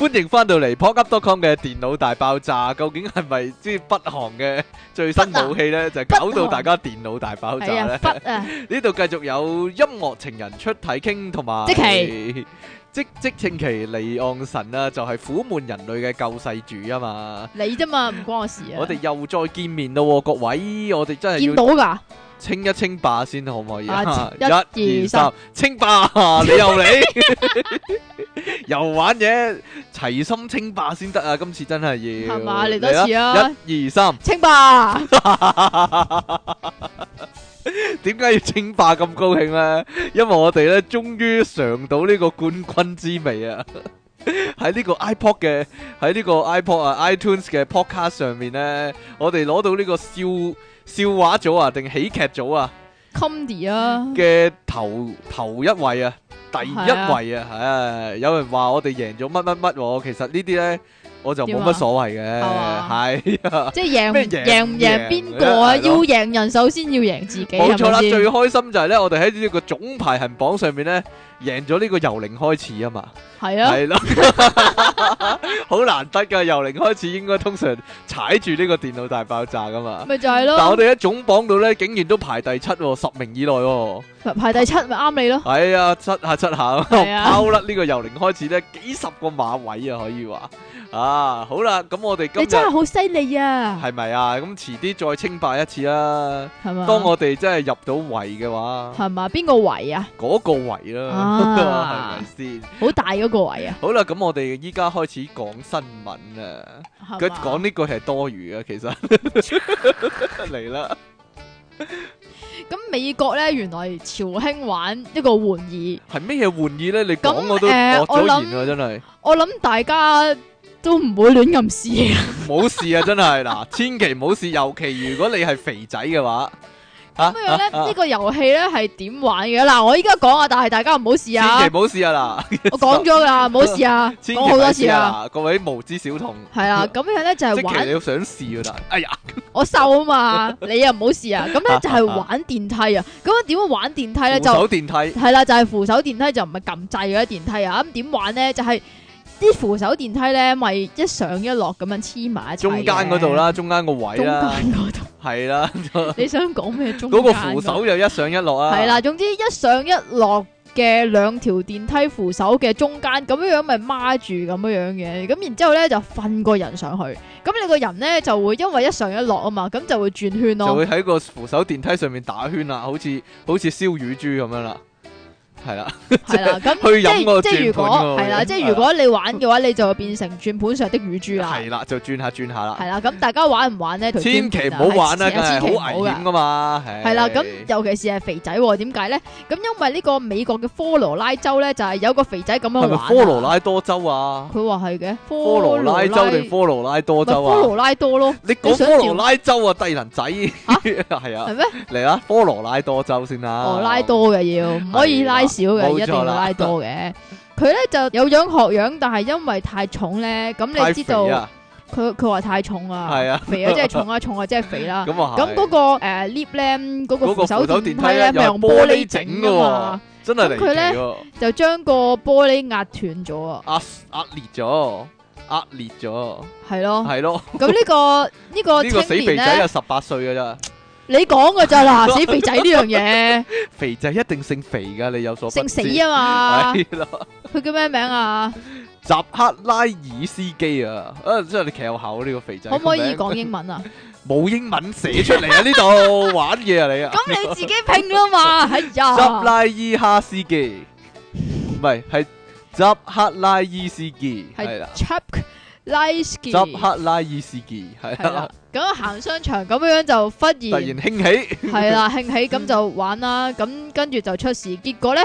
歡迎翻到嚟 pocket.com、ok、嘅電腦大爆炸，究竟係咪即北韓嘅最新武器咧？就是、搞到大家電腦大爆炸咧！呢度繼續有音樂情人出體傾同埋即期即稱淇離岸神啊，就係、是、苦悶人類嘅救世主啊嘛！你啫嘛，唔關我事啊！我哋又再見面啦，各位！我哋真係要到㗎。清一清霸先可唔可以？啊啊、一、一二、三，清霸！ 你又嚟來，又 玩嘢，齊心清霸先得啊！今次真係要，係嘛，嚟多次啊！一、啊、二、三，清霸！點解 要清霸咁高興咧？因為我哋咧終於嘗到呢個冠軍滋味啊！喺 呢個 iPod 嘅，喺呢個 iPod 啊 IP、uh, iTunes 嘅 podcast 上面咧，我哋攞到呢個燒。笑話組啊，定喜劇組啊？Comedy 啊嘅頭頭一位啊，第一位啊，係、啊啊、有人話我哋贏咗乜乜乜喎，其實呢啲咧～我就冇乜所謂嘅，係啊，即係贏贏唔贏邊個啊？要贏人，首先要贏自己，冇錯啦。最開心就係咧，我哋喺呢個總排行榜上面咧，贏咗呢個由零開始啊嘛，係啊，係咯，好難得噶由零開始，應該通常踩住呢個電腦大爆炸噶嘛，咪就係咯。但係我哋喺總榜度咧，竟然都排第七喎，十名以內喎，排第七咪啱你咯。係啊，七下七下，拋甩呢個由零開始咧，幾十個馬位啊，可以話。啊，好啦，咁我哋今日你真係好犀利啊！係咪啊？咁遲啲再稱霸一次啦。係嘛？當我哋真係入到圍嘅話，係嘛？邊個圍啊？嗰個圍啦，係咪先？好大嗰個圍啊！好啦，咁我哋依家開始講新聞啊。佢講呢個係多餘啊，其實嚟啦。咁美國咧，原來潮興玩一個玩意，係咩嘢玩意咧？你講我都我諗真係，我諗大家。都唔會亂咁試啊！冇事啊，真係嗱，千祈唔好試，尤其如果你係肥仔嘅話，咁樣咧呢個遊戲咧係點玩嘅？嗱，我依家講啊，但係大家唔好試啊，千祈唔好試啊嗱，我講咗噶啦，唔好試啊，講好多次啊。各位無知小童係啊，咁樣咧就係即你要想試啊，但哎呀，我瘦啊嘛，你又唔好試啊，咁咧就係玩電梯啊，咁樣點玩電梯咧就手電梯係啦，就係扶手電梯就唔係撳掣嘅電梯啊，咁點玩咧就係。啲扶手電梯咧，咪一上一落咁樣黐埋一齊。中間嗰度啦，中間個位啦。中間嗰度。係啦。你想講咩？中間嗰個扶手又一上一落啊。係啦，總之一上一落嘅兩條電梯扶手嘅中間咁樣 樣，咪孖住咁樣樣嘅。咁然之後咧，就瞓個人上去。咁你個人咧就會因為一上一落啊嘛，咁就會轉圈咯。就會喺個扶手電梯上面打圈啦，啊，好似好似燒乳豬咁樣啦。係啦，係啦，咁即係即係如果係啦，即係如果你玩嘅話，你就變成轉盤上的乳豬啦。係啦，就轉下轉下啦。係啦，咁大家玩唔玩咧？千祈唔好玩啦，好危險㗎嘛。係啦，咁尤其是係肥仔，點解咧？咁因為呢個美國嘅科羅拉州咧，就係有個肥仔咁樣話。科羅拉多州啊？佢話係嘅，科羅拉州定科羅拉多州啊？科羅拉多咯。你講科羅拉州啊，低能仔？係啊。係咩？嚟啦，科羅拉多州先啦。哦，拉多嘅要，可以拉。少嘅，一定冇拉多嘅。佢咧就有樣學樣，但係因為太重咧，咁你知道佢佢話太重啊，肥啊，即係重啊，重啊，即係肥啦。咁啊，咁嗰個誒 lift 咧，嗰個扶手電梯咧，唔係用玻璃整噶嘛，真係嚟嘅。佢咧就將個玻璃壓斷咗啊，壓壓裂咗，壓裂咗。係咯，係咯。咁呢個呢個青年咧，有十八歲噶咋。你講嘅咋啦？死肥仔呢樣嘢，肥仔一定姓肥噶，你有所不知。姓死啊嘛，係咯。佢叫咩名啊？扎克拉爾斯基啊，啊，真係你騎口呢、啊呢個肥仔。可唔可以講英文啊？冇 英文寫出嚟啊！呢度 玩嘢啊你啊。咁 你自己拼啦嘛，係、哎、呀。扎拉爾哈斯基，唔係係扎克拉爾斯基，係 Chuck 是 啦。扎克拉爾事件係啦，咁行商場咁樣就忽然興起，係啦興起咁就玩啦，咁跟住就出事，結果咧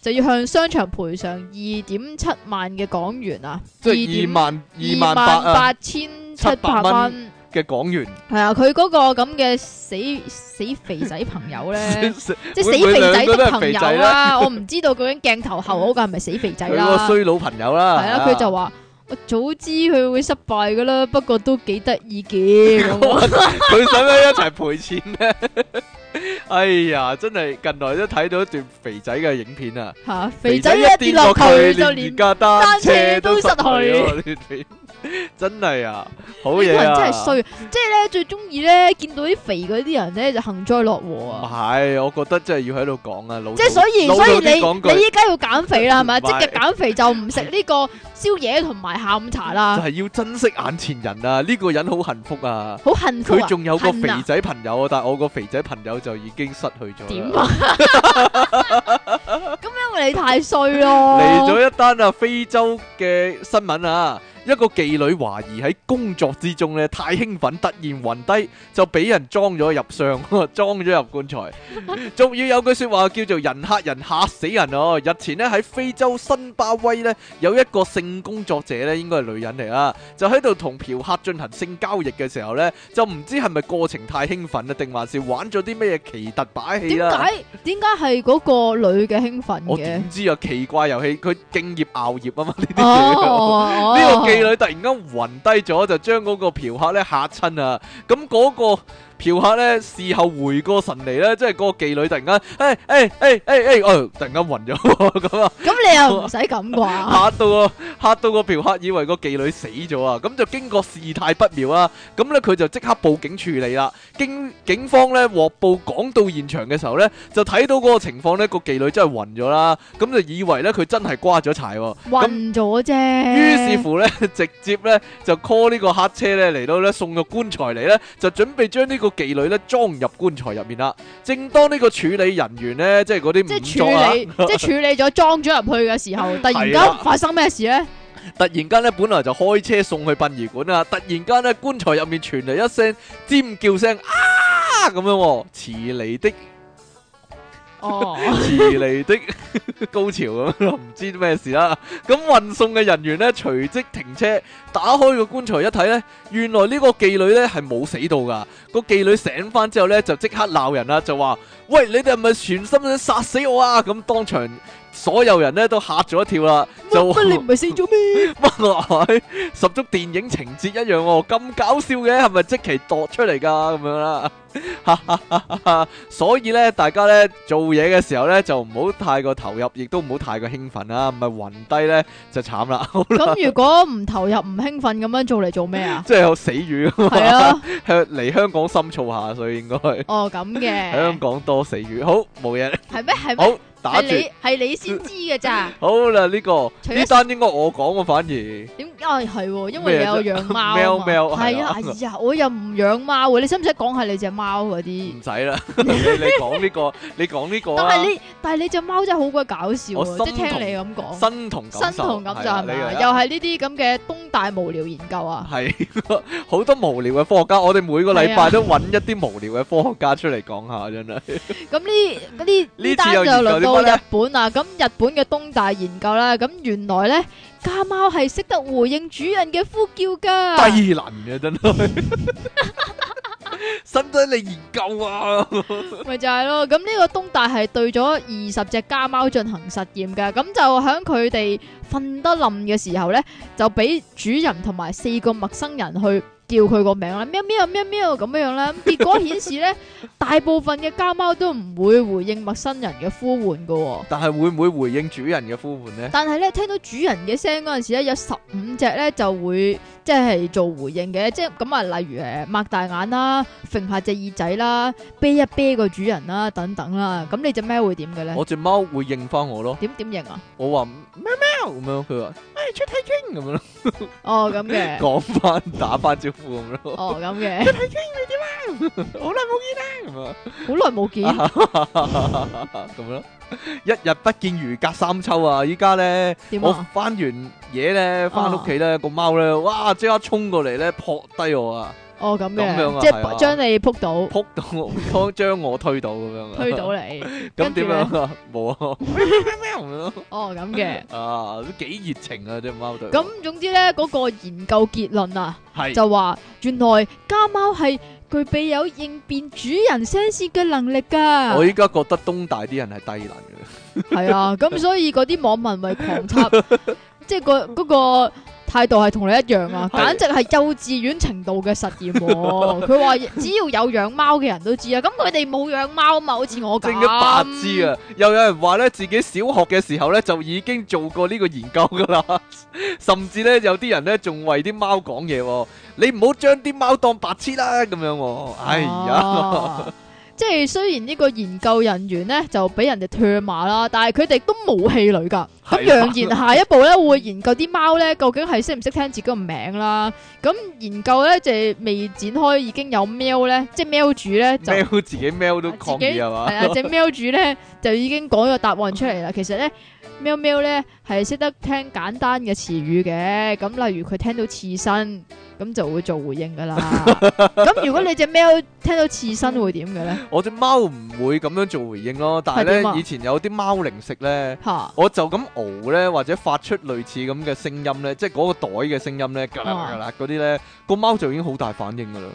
就要向商場賠償二點七萬嘅港元啊，二萬二萬八千七百蚊嘅港元。係啊，佢嗰個咁嘅死死肥仔朋友咧，即係死肥仔嘅朋友啦。我唔知道究竟鏡頭後嗰個係咪死肥仔啦，佢個衰佬朋友啦。係啊，佢就話。我早知佢會失敗噶啦，不過都幾得意嘅。佢想唔想一齊賠錢咧？哎呀，真係近來都睇到一段肥仔嘅影片啊！吓，肥仔一跌落去就連架單車都失去，真係啊！好嘢啊！呢個人真係衰，即係咧最中意咧見到啲肥嗰啲人咧就幸災樂禍啊！係，我覺得真係要喺度講啊，老即係所以，所以你你依家要減肥啦，係咪？即係減肥就唔食呢個宵夜同埋下午茶啦。就係要珍惜眼前人啊！呢個人好幸福啊，好幸福啊，佢仲有個肥仔朋友啊，但係我個肥仔朋友。就已經失去咗。點啊？咁因為你太衰囉。嚟咗一單啊，非洲嘅新聞啊！一個妓女懷疑喺工作之中咧，太興奮，突然暈低就俾人裝咗入箱，裝咗入棺材。仲要有句說話叫做人吓人吓死人哦！日前咧喺非洲新巴威咧有一個性工作者咧，應該係女人嚟啊，就喺度同嫖客進行性交易嘅時候咧，就唔知係咪過程太興奮啊，定還是玩咗啲咩奇特把戲啦？點解？點解係嗰個女嘅興奮嘅？我點知啊？奇怪遊戲，佢敬業熬夜啊嘛，呢啲呢個妓女突然間暈低咗，就將嗰個嫖客咧嚇親啊！咁嗰個嫖客咧事後回過神嚟咧，即係個妓女突然間，誒誒誒誒誒，我、哎哎哎哎哎、突然間暈咗，咁 啊喎！咁你又唔使咁啩嚇到啊。嚇到個嫖客以為個妓女死咗啊！咁就經過事態不妙啦，咁咧佢就即刻報警處理啦。經警方咧獲報趕到現場嘅時候咧，就睇到嗰個情況咧，個妓女真係暈咗啦。咁就以為咧佢真係瓜咗柴，暈咗啫。於是乎咧，直接咧就 call 個黑呢個黑車咧嚟，到咧送個棺材嚟咧，就準備將呢個妓女咧裝入棺材入面啦。正當呢個處理人員咧，即係嗰啲即係處理 即係處理咗裝咗入去嘅時候，突然間發生咩事咧？突然間咧，本來就開車送去殯儀館啦。突然間咧，棺材入面傳嚟一聲尖叫聲，啊咁樣，遲嚟的哦，遲 嚟的 高潮咁唔知咩事啦。咁運送嘅人員呢，隨即停車，打開個棺材一睇呢，原來呢個妓女呢係冇死到噶。個妓女醒翻之後呢，就即刻鬧人啦，就話：，喂，你哋係咪全心想殺死我啊？咁當場。所有人咧都吓咗一跳啦，麼就乜說你唔係死咗咩？乜係 十足電影情節一樣哦，咁搞笑嘅係咪即其度出嚟噶咁樣啦？ 所以咧，大家咧做嘢嘅時候咧就唔好太過投入，亦都唔好太過興奮 啊！唔係暈低咧就慘啦。咁如果唔投入唔興奮咁樣做嚟做咩啊？即係有死魚係啊，嚟香港深燥下，所以應該哦咁嘅。 香港多死魚，好冇嘢。係咩係咩？好。係你係你先知嘅咋？好啦，呢個呢單應該我講喎，反而點解？哦，係，因為你有養貓喵喵。係啊，哎呀，我又唔養貓啊，你使唔使講下你隻貓嗰啲？唔使啦，你講呢個，你講呢個。但係你，但係你隻貓真係好鬼搞笑啊！即係聽你咁講，新同感。新同感就係嘛？又係呢啲咁嘅東大無聊研究啊？係，好多無聊嘅科學家，我哋每個禮拜都揾一啲無聊嘅科學家出嚟講下，真係。咁呢？嗰啲呢次又日本啊，咁日本嘅東大研究啦，咁原來咧家貓係識得回應主人嘅呼叫噶，低能嘅真係，使唔使你研究啊？咪就係咯，咁呢個東大係對咗二十隻家貓進行實驗噶，咁就喺佢哋瞓得冧嘅時候咧，就俾主人同埋四個陌生人去叫佢個名啦，喵喵喵喵咁樣樣啦，結果顯示咧， 大部分嘅家貓都唔會回應陌生人嘅呼喚噶、哦。但係會唔會回應主人嘅呼喚咧？但係咧，聽到主人嘅聲嗰陣時咧，有十五隻咧就會即係做回應嘅，即係咁啊，例如誒擘大眼啦，揈下隻耳仔啦，啤一啤個主人啦，等等啦。咁你隻喵會點嘅咧？我隻貓會回應翻我咯。點點應啊？我話喵喵咁樣，佢話，誒出體 king 咁樣咯。哦，咁嘅。講翻 打翻招 哦咁嘅，你睇傾你點啊！好耐冇見啦，好耐冇見，咁咯。一日不見如隔三秋啊！依、啊、家咧，我翻完嘢咧，翻屋企咧，個貓咧，哇！即刻衝過嚟咧，撲低我啊！哦，咁樣，即係將你撲到，扑到將我推到咁樣，推到你，咁點樣啊？冇啊，咩唔咯？哦，咁嘅，啊，都幾熱情啊，啲貓對。咁總之咧，嗰個研究結論啊，係就話原來家貓係具備有應變主人聲線嘅能力噶。我依家覺得東大啲人係低能嘅。係啊，咁所以嗰啲網民為狂插，即係個嗰個。態度係同你一樣啊！是簡直係幼稚園程度嘅實驗、啊。佢話 只要有養貓嘅人都知啊，咁佢哋冇養貓嘛，好似我咁白痴啊！又有人話咧，自己小學嘅時候咧就已經做過呢個研究㗎啦。甚至咧有啲人咧仲為啲貓講嘢，你唔好將啲貓當白痴啦咁樣、啊。哎呀～、啊即係雖然呢個研究人員咧就俾人哋唾罵啦，但係佢哋都冇氣餒噶。咁揚是、啊、言下一步咧會研究啲貓咧究竟係識唔識聽自己個名啦。咁、嗯、研究咧就未展開，已經有喵咧，即係喵主咧就自己喵都抗議係係啊，只喵主咧就已經講咗答案出嚟啦。其實咧。喵喵咧係識得聽簡單嘅詞語嘅，咁例如佢聽到刺身，咁就會做回應噶啦。咁如果你隻喵聽到刺身會點嘅咧？我隻貓唔會咁樣做回應咯，但係咧以前有啲貓零食咧，我就咁嗷咧或者發出類似咁嘅聲音咧，即係嗰個袋嘅聲音咧，嗰啲咧個貓就已經好大反應噶啦。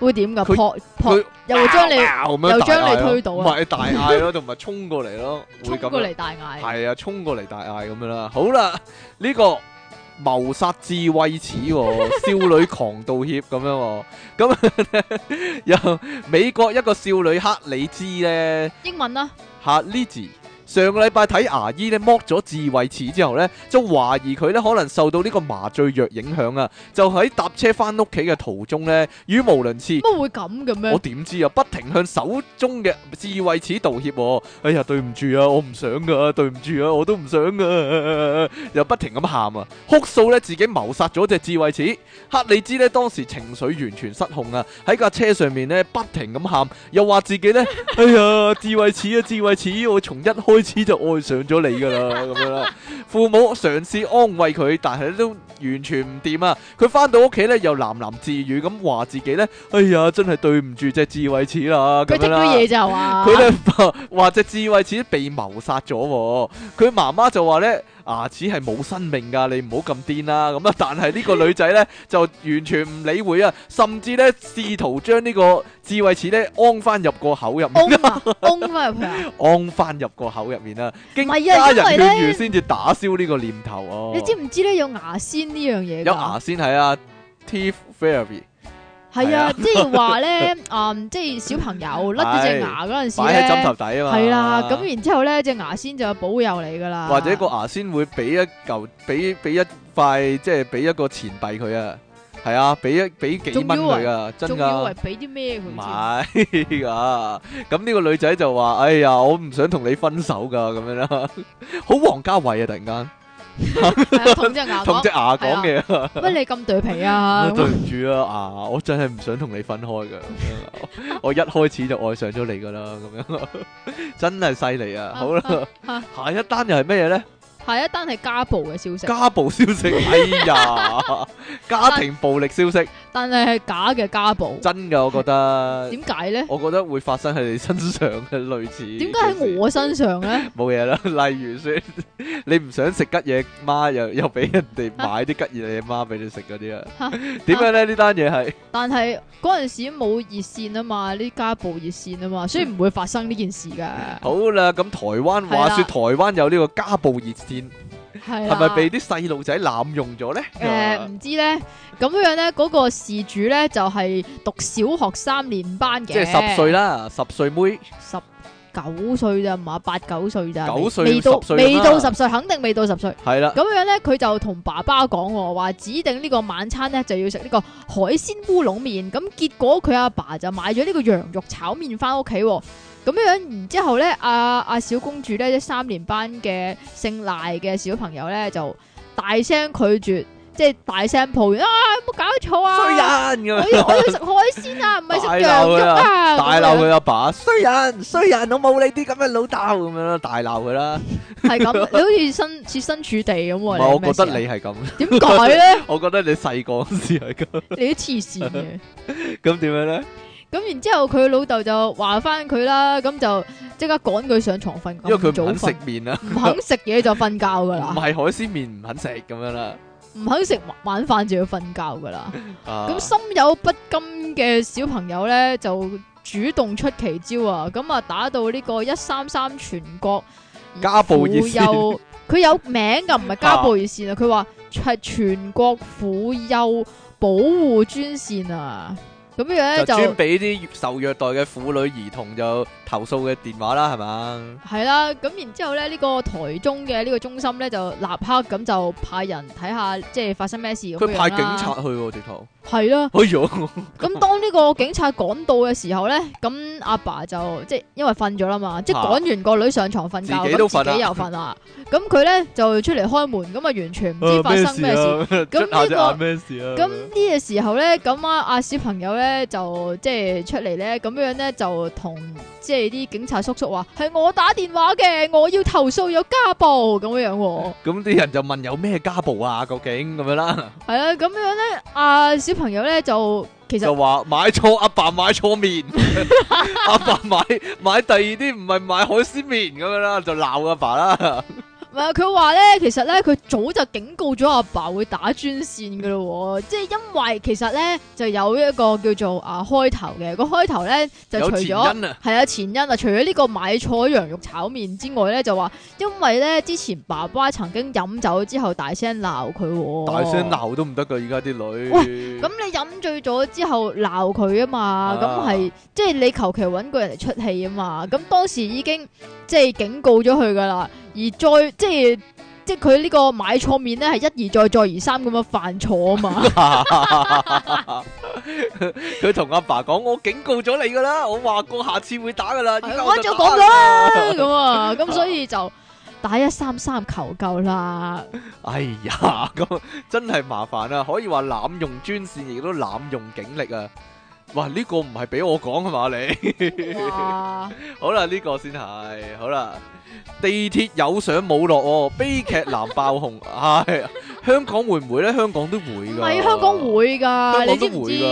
會點噶？佢佢又將你又將你推到啊！唔係大嗌咯，同埋衝過嚟咯，衝過嚟大嗌。係啊，衝過嚟大嗌咁樣啦。好啦，呢個謀殺智慧齒少女狂道歉咁樣，咁又美國一個少女克里茲咧，英文啦，Cliz。z 上個禮拜睇牙醫咧，剝咗智慧齒之後咧，就懷疑佢咧可能受到呢個麻醉藥影響啊！就喺搭車返屋企嘅途中咧，語無倫次。乜會咁嘅咩？我點知啊？不停向手中嘅智慧齒道歉。哎呀，對唔住啊，我唔想噶、啊，對唔住啊，我都唔想噶、啊， 又不停咁喊啊，哭訴咧自己謀殺咗隻智慧齒。克里斯咧當時情緒完全失控啊！喺架車上面咧不停咁喊，又話自己咧，哎呀，智 慧齒啊智慧齒，我從一開開始就愛上咗你噶啦，咁樣啦。父母嘗試安慰佢，但係都完全唔掂啊！佢翻到屋企咧，又喃喃自語咁話自己咧：哎呀，真係對唔住隻智慧齒啦！佢丟嘢就話，佢咧話隻智慧齒被謀殺咗。佢媽媽就話咧。牙齒係冇生命噶，你唔好咁癲啦。咁啊，但係呢個女仔咧 就完全唔理會啊，甚至咧試圖將呢個智慧齒咧安翻入個口入面，嗯啊嗯啊、 安翻入去，安翻入個口入面啦。啊、經家人勸喻先至打消呢個念頭啊！你知唔知咧有牙仙呢樣嘢？有牙仙係啊 Teeth Fairy。係啊， 即係話咧，嗯，即係小朋友甩咗隻牙嗰陣時咧，喺枕頭底啊嘛，係啦， 咁、啊、然之後咧隻牙仙就有保佑你噶啦，或者個牙仙會俾一嚿，俾俾一塊，即係俾一個錢幣佢啊，係啊，俾一俾幾蚊佢啊，真噶，仲以為俾啲咩佢？唔係啊，咁 呢個女仔就話，哎呀，我唔想同你分手噶，咁樣啦，好王家衛啊，突然間、啊。 同隻牙講嘅，乜你咁對皮啊？對唔住啊，牙，啊啊，我真係唔想同你分開噶， 啊。我一開始就愛上咗你噶啦，咁樣，真係犀利啊！好，啊，啦，啊啊、 下一單又係咩嘢咧？下一單係家暴嘅消息，家暴消息，哎呀， 家庭暴力消息。但係係假嘅家暴，真嘅我覺得。點解呢？我覺得會發生喺你身上嘅類似。點解喺我身上呢？冇嘢啦，例如說你唔想食吉嘢，媽又又俾人哋買啲吉嘢嘢媽俾你食嗰啲啊？點解哈呢？呢單嘢係？但係嗰陣時冇熱線啊嘛，呢家暴熱線啊嘛，所以唔會發生呢件事噶。 好啦，咁台灣話說台灣有呢個家暴熱線。係咪被啲細路仔濫用咗咧？誒、呃，唔知咧，咁樣咧，嗰個事主咧就係讀小學三年班嘅，即係十歲啦，十歲妹，十九歲咋唔係？八九歲咋？九歲歲未到，歲未到十歲，肯定未到十歲。係啦的，咁樣咧，佢就同爸爸講，話指定呢個晚餐咧就要食呢個海鮮烏龍麵。咁結果佢阿爸，爸就買咗呢個羊肉炒麵翻屋企。咁樣，然之後咧，阿阿小公主咧，即係三年班嘅姓賴嘅小朋友咧，就大聲拒絕，即係大聲抱怨啊！有冇搞錯啊？衰人，我要我要食海鮮啊，唔係食羊肉啊！大鬧佢阿爸，衰人衰人，我冇你啲咁嘅老豆，咁樣啦，大鬧佢啦！係咁，你好似身設身處地咁。唔係，我覺得你係咁。點解咧？我覺得你細個時係咁。你都黐線嘅。咁點樣咧？咁然之後佢老豆就話返佢啦，咁就即刻趕佢上床瞓覺，早瞓。因為佢唔肯食麵啊，唔肯食嘢就瞓覺噶啦。唔係海鮮麵唔肯食咁樣啦，唔肯食晚飯就要瞓覺噶啦。咁、啊、心有不甘嘅小朋友咧，就主動出奇招啊！咁啊，打到呢個一三三全國家暴熱線，佢有名噶，唔係家暴熱線啊，佢話係全國婦幼保護專線啊。咁樣咧就專俾啲受虐待嘅婦女兒童就投訴嘅電話啦，係咪？係啦、啊，咁然之後咧，呢、呢個台中嘅呢個中心咧就立刻咁就派人睇下，即係發生咩事，咁佢派警察去喎，直頭。係咯，咁、哎、呦當呢個警察趕到嘅時候咧，咁阿爸，爸就即係因為瞓咗啦嘛，啊、即係趕完個女上床瞓覺，自己，自己又瞓啦，咁佢咧就出嚟開門，咁啊完全唔知發生咩事，咁呢、啊呢個咁呢、啊呢個、個時候咧，咁啊阿小朋友咧就即係出嚟咧，咁樣樣咧就同。即係啲警察叔叔話係我打電話嘅，我要投訴有家暴咁樣樣，喔，咁啲、嗯、人就問有咩家暴啊？究竟咁樣啦，係啊，咁樣咧，啊小朋友咧就其實就話買錯阿爸，爸買錯麵，阿 爸，爸買買第二啲唔係買海鮮麵咁樣啦，就鬧阿爸，爸啦。唔係佢話咧，其實咧佢早就警告咗阿爸，爸會打專線㗎咯，即係 因為其實咧就有一個叫做啊開頭嘅個開頭咧就除咗係啊，啊前因啊，除咗呢個買錯羊肉炒麵之外咧，就話因為咧之前爸爸曾經飲酒之後大聲鬧佢，大聲鬧都唔得噶，而家啲女喂咁、呃、你飲醉咗之後鬧佢啊嘛，咁係即係你求其揾個人嚟出氣啊嘛，咁當時已經。 即係警告咗佢噶啦，而再即係即係佢呢個買錯麵咧，係一而再，再而三咁樣犯錯啊嘛。佢同阿爸講：我警告咗你噶啦，我話過下次會打噶啦。啱先講咗啦，咁啊，咁所以就打一三三求救啦。 哎呀，咁真係麻煩啊！可以話濫用專線，亦都濫用警力啊！哇！呢、呢個唔係俾我講啊嘛你，啊、 好啦，呢、呢個先係，好啦，地鐵有上冇落悲劇男爆紅，係、 哎、香港會唔會咧？香港都會噶，係香港會噶，香港都會噶，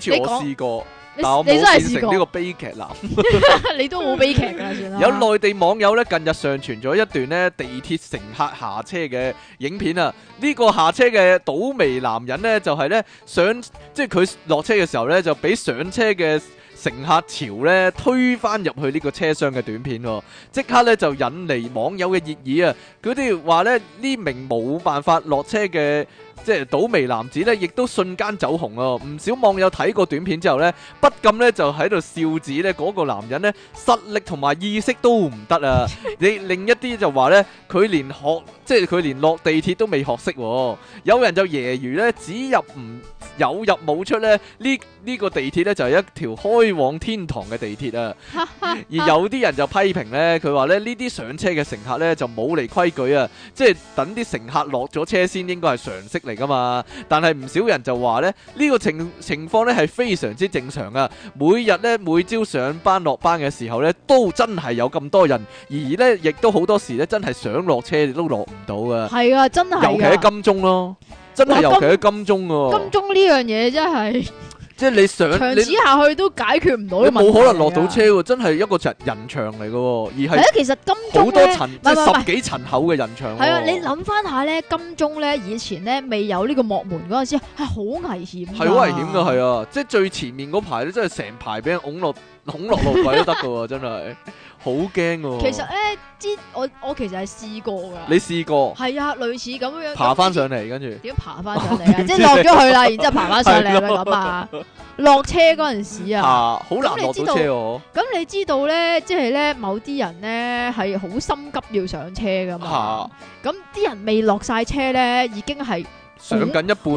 知知好似我試過，但係我冇變成呢個悲劇男， 你都冇悲劇、啊、 有內地網友咧，近日上傳咗一段咧，地鐵乘客下車嘅影片啊，呢、呢個下車嘅倒楣男人咧就係呢，上即係佢落車嘅時候呢，就俾上車嘅乘客潮呢推返入去呢個車廂嘅短片喎，即刻呢，就引嚟網友嘅熱議啊！佢哋話呢，呢名冇辦法落車嘅。即係倒霉男子咧，亦都瞬間走紅啊、哦。唔少網友睇過短片之後呢，不禁呢就喺度笑指呢嗰、那個男人呢，實力同埋意識都唔得啊！你 另一啲就話呢，佢連學即係佢連落地鐵都未學識、啊，有人就揶揄呢，只入唔有入冇出咧，呢呢、這個地鐵呢就係、是、一條開往天堂嘅地鐵啊！ 而有啲人就批評呢，佢話呢，呢啲上車嘅乘客呢就冇嚟規矩啊！即係等啲乘客落咗車先應該係常識。嚟噶嘛？但係唔少人就話咧，呢、這個情情況咧係非常之正常㗎！每日咧每朝上班落班嘅時候咧，都真係有咁多人，而咧亦都好多時咧真係想落車都，都落唔到啊！係啊，真係、啊，尤其喺金鐘咯，真係尤其喺金鐘哦、啊。金,金鐘呢樣嘢真係。 即係你上長止下去你都解決唔到，你冇可能落到車喎，真係一個長人牆嚟嘅，而係好多層其實金鐘即係十幾層厚嘅人牆。係啊，你諗翻下咧，金鐘咧以前咧未有呢個幕門嗰陣時係好危險，係好危險㗎，係啊，即係最前面嗰排咧，真係成排俾人㧬落。恐落落鬼都得噶喎，真係好驚噶。其實咧，之、欸、我我其實係試過噶。你試過？係啊，類似咁樣爬翻上嚟，跟住點爬翻上嚟啊？即係落咗去啦，然之後爬翻上嚟啦，咁啊咯。落 車嗰陣時啊，好難你知道咁、啊、你知道咧，即係咧，某啲人咧係好心急要上車噶嘛。咁啲、啊、人未落晒車咧，已經係。上緊一半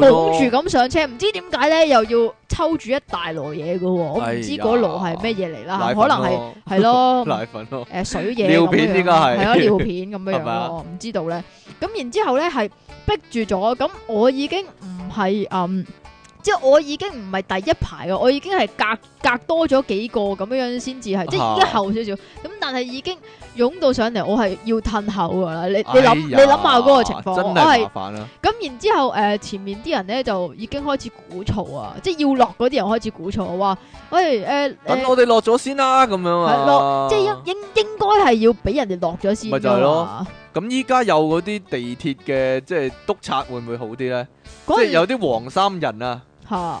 咯，拱住咁上車，唔知點解咧又要抽住一大籮嘢嘅喎，我唔、哎、呀知嗰籮係咩嘢嚟啦，可能係係咯奶粉咯，誒水嘢尿片應該係，係咯尿片咁樣樣咯，唔 吧知道咧。咁然之後咧係逼住咗，咁我已經唔係嗯，即、就、係、是、我已經唔係第一排喎，我已經係隔隔多咗幾個咁樣樣先至係， 即係而家後少少。咁但係已經，湧到上嚟，我係要褪後噶啦。你你諗、哎、呀你諗下嗰個情況，啊，真係煩，啊，然之後誒、呃，前面啲人咧就已經開始鼓噪啊，即係要落嗰啲人開始鼓噪，話誒誒，欸呃、等我哋落咗先啦，咁樣啊，落、即係應應應該係要俾人哋落咗先。咪就係咯。咁依家有嗰啲地鐵嘅即係督察會唔會好啲咧？完即係有啲黃衫人啊。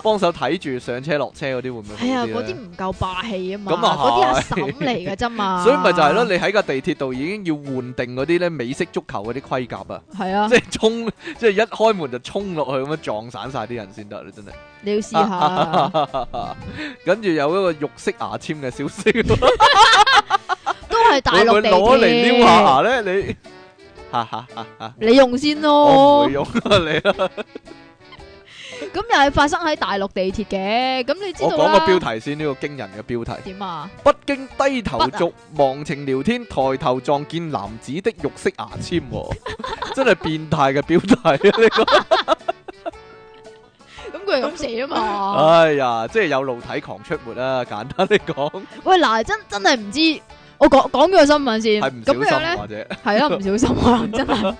幫手睇住上車落車嗰啲會唔會？係啊、哎，嗰啲唔夠霸氣啊嘛，嗰啲阿嬸嚟嘅啫嘛。 所以咪就係咯，你喺個地鐵度已經要換定嗰啲咧美式足球嗰啲盔甲啊。係啊，即係衝，即係一開門就衝落去咁樣撞散晒啲人先得你真係。你要試下，啊啊啊啊啊啊、跟住有一個肉色牙籤嘅消息， 都係大陸地鐵。會唔會攞嚟撩牙咧？你、啊，啊啊啊、你用先咯。我唔用，你咯。咁、嗯、又係發生喺大陸地鐵嘅，咁、嗯、你知道我講個標題先呢、這個驚人嘅標題點啊？北京低頭族、啊、忘情聊天，抬頭撞見男子的肉色牙籤，真係變態嘅標題啊！呢個咁佢係咁寫啊嘛？哎呀，即、就、係、是、有露體狂出沒啊。簡單嚟講。 喂，嗱，真真係唔知，我講講咗個新聞先，係唔小心或者係啦，唔小心啊，真係。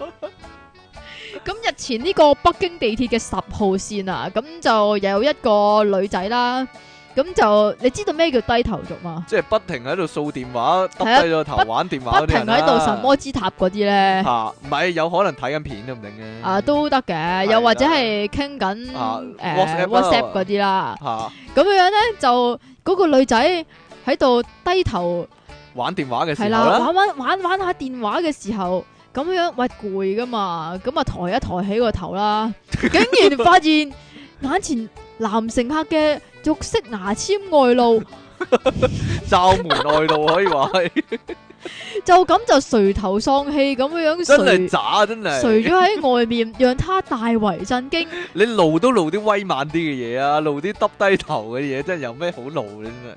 咁、嗯、日前呢個北京地鐵嘅十號線啊，咁、嗯、就有一個女仔啦，咁、嗯、就你知道咩叫低頭族嘛？即係不停喺度掃電話，低咗頭、啊、玩電話、啊啊，不停喺度神摩之塔神魔之塔嗰啲咧。吓，唔係有可能睇緊片都唔定嘅。啊，都得嘅，啊、又或者係傾緊誒 WhatsApp 嗰啲、啊、啦。吓、啊，咁樣樣咧就嗰個女仔喺度低頭玩電話嘅時候啦、啊。玩玩玩玩，玩，玩，玩下電話嘅時候。咁樣喂攰噶嘛，咁啊抬一抬起個頭啦，竟然發現眼前男乘客嘅肉色牙籤外露，罩門外露可以話係，就咁就垂頭喪氣咁樣樣，真係渣真係，垂咗喺外面，讓他大為震驚。你露都露啲威猛啲嘅嘢啊，露啲耷低頭嘅嘢，真係有咩好露嘅真係。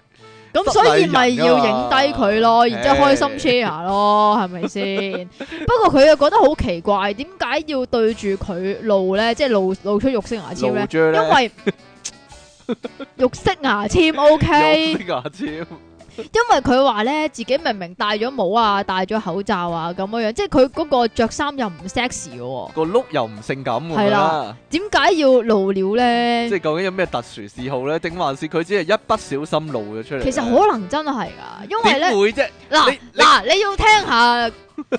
咁、嗯啊、所以咪要影低佢咯，欸、然之後開心 share 咯，係咪先？ 不過佢又覺得好奇怪，點解要對住佢露咧？即、就、係、是、露露出肉色牙籤咧？呢因為肉 色牙籤 OK。因為佢話咧，自己明明戴咗帽啊，戴咗口罩啊，咁樣樣，即係佢嗰個着衫，又唔 sexy 嘅，個 look 又唔性感。係啦，點解要露料咧？即係究竟有咩特殊嗜好咧？定還是佢只係一不小心露咗出嚟？其實可能真係噶，因為咧，點會啫？嗱嗱，你要聽下，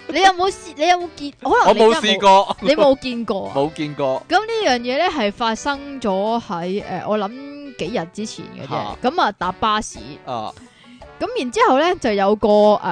你有冇試？你有冇見？可能我冇試過，你冇見過，冇見過。咁呢樣嘢咧，係發生咗喺，誒，我諗幾日之前嘅啫。咁啊，搭巴士啊。咁然之後咧，就有個誒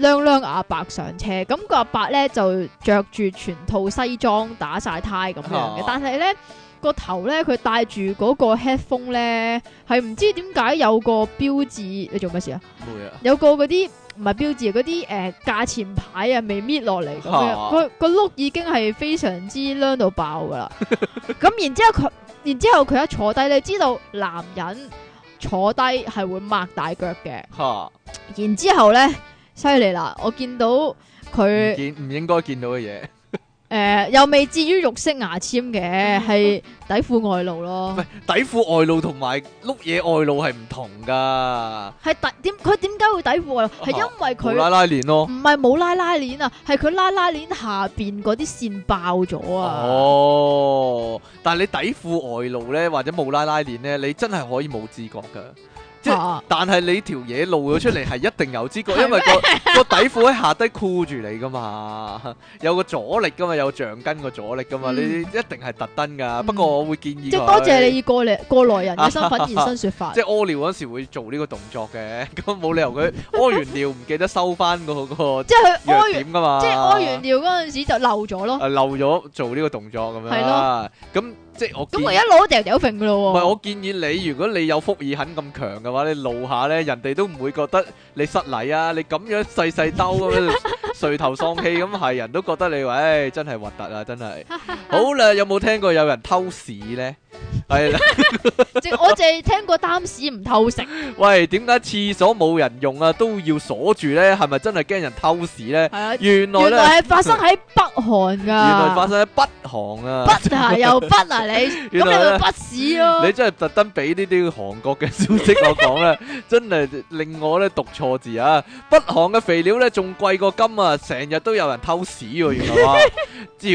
靚靚阿伯上車，咁個阿伯咧就着住全套西裝，打晒呔咁樣嘅。啊、但係咧，個頭咧，佢戴住嗰個 headphone 咧，係唔知點解有個標誌，你做乜事啊？冇嘢。有、那個嗰啲唔係標誌嗰啲，誒價錢牌啊，未搣落嚟咁樣，個個碌已經係非常之靚到爆噶啦。咁 然之後佢，然之後佢一坐低，你知道男人，坐低係會擘大腳嘅，哈然之後咧，犀利啦！我見到佢唔見唔應該見到嘅嘢。誒、呃，又未至於肉色牙籤嘅，係、嗯、底褲外露咯。唔係底褲外露同埋碌嘢，外露係唔同噶係點？佢點解會底褲外露？係、啊、因為佢冇拉拉鏈咯。唔係冇拉拉鏈啊，係佢拉拉鏈下邊嗰啲綫爆咗啊。哦，但係你底褲外露咧，或者冇拉拉鏈咧，你真係可以冇知覺噶。但係你條嘢露咗出嚟，係、嗯、一定有知覺，因為、那個個底褲喺下低箍住你噶嘛， 嘛，有個阻力噶嘛，有橡筋個阻力噶嘛，你一定係特登噶。不過我會建議、嗯，即、就是、多謝你過嚟 過來人嘅身份現身說法。即係屙尿嗰時會做呢個動作嘅，咁 冇理由佢屙完尿唔記得收翻嗰、那個嗰、那個弱點噶嘛。即係屙完尿嗰陣時就漏咗咯、啊。漏咗做呢個動作咁樣。係咯。咁。咁我，我一攞掉掉粉噶咯喎！唔係，我建議你，如果你有福爾肯咁強嘅話，你露下咧，人哋都唔會覺得你失禮啊！你咁樣細細兜咁樣垂頭喪氣咁係 人都覺得你，唉、哎，真係核突啊！真係。 好啦，有冇聽過有人偷屎咧？係啦，我淨係聽過擔屎唔偷食。喂，點解廁所冇人用啊都要鎖住咧？係咪真係驚人偷屎咧？原來原來係發生喺北韓噶原來發生喺北韓啊！北啊又北啊，你咁你咪北屎咯？你真係特登俾呢啲韓國嘅消息我講啊，真係令我咧讀錯字啊！北韓嘅肥料咧仲貴過金啊，成日都有人偷屎喎。原來哇，照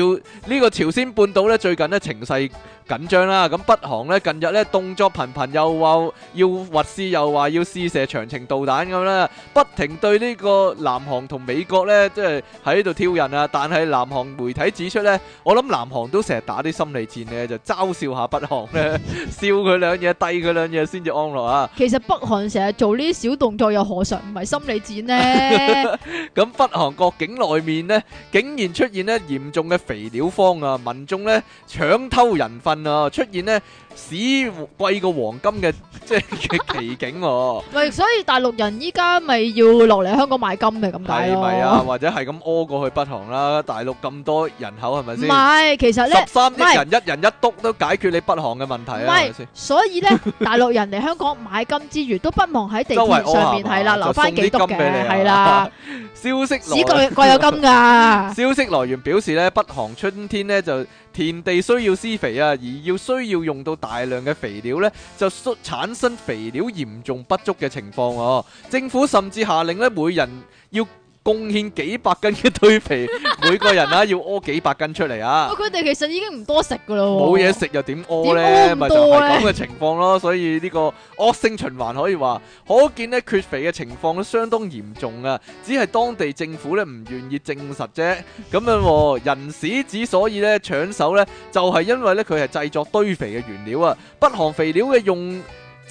呢個朝鮮半島咧最近咧情勢緊張啦，咁北韓咧近日咧動作頻頻，又話要核試，又話要試射長程導彈咁啦，不停對呢個南韓同美國咧，即係喺度挑釁啊！但係南韓媒體指出咧，我諗南韓都成日打啲心理戰咧，就嘲笑下北韓咧，笑佢兩嘢，低佢兩嘢先至安樂啊！其實北韓成日做呢啲小動作又何嘗唔係心理戰咧？咁北韓國境內面咧，竟然出現咧嚴重嘅肥料荒啊！民眾咧搶偷人糞。出現呢？史貴過黃金嘅即係嘅奇景喎、啊。 所以大陸人依家咪要落嚟香港買金嘅咁解係咪啊？或者係咁屙過去北韓啦？大陸咁多人口係咪先？唔係，其實咧，十三億人是一人一篤都解決你北韓嘅問題啊！唔是所以咧，大陸人嚟香港買金之餘， 都不忘喺地鐵上面係啦，了留翻幾多嘅係啦。啊、 消息史貴貴有金㗎。 消息來源表示咧，北韓春天咧就田地需要施肥啊，而要需要用到大量嘅肥料咧，就產生肥料嚴重不足嘅情況喎。政府甚至下令咧，每人要貢獻幾百斤嘅堆肥， 每個人啊要屙幾百斤出嚟啊！佢哋其實已經唔多食噶咯，啊，冇嘢食又點屙呢？咪就係咁嘅情況咯。所以呢個惡性循環可以話，可見呢缺肥嘅情況都相當嚴重啊！只係當地政府呢唔願意證實啫。咁樣，啊，人屎之所以呢搶手呢，就係、是，因為呢佢係製作堆肥嘅原料啊！北韓肥料嘅用。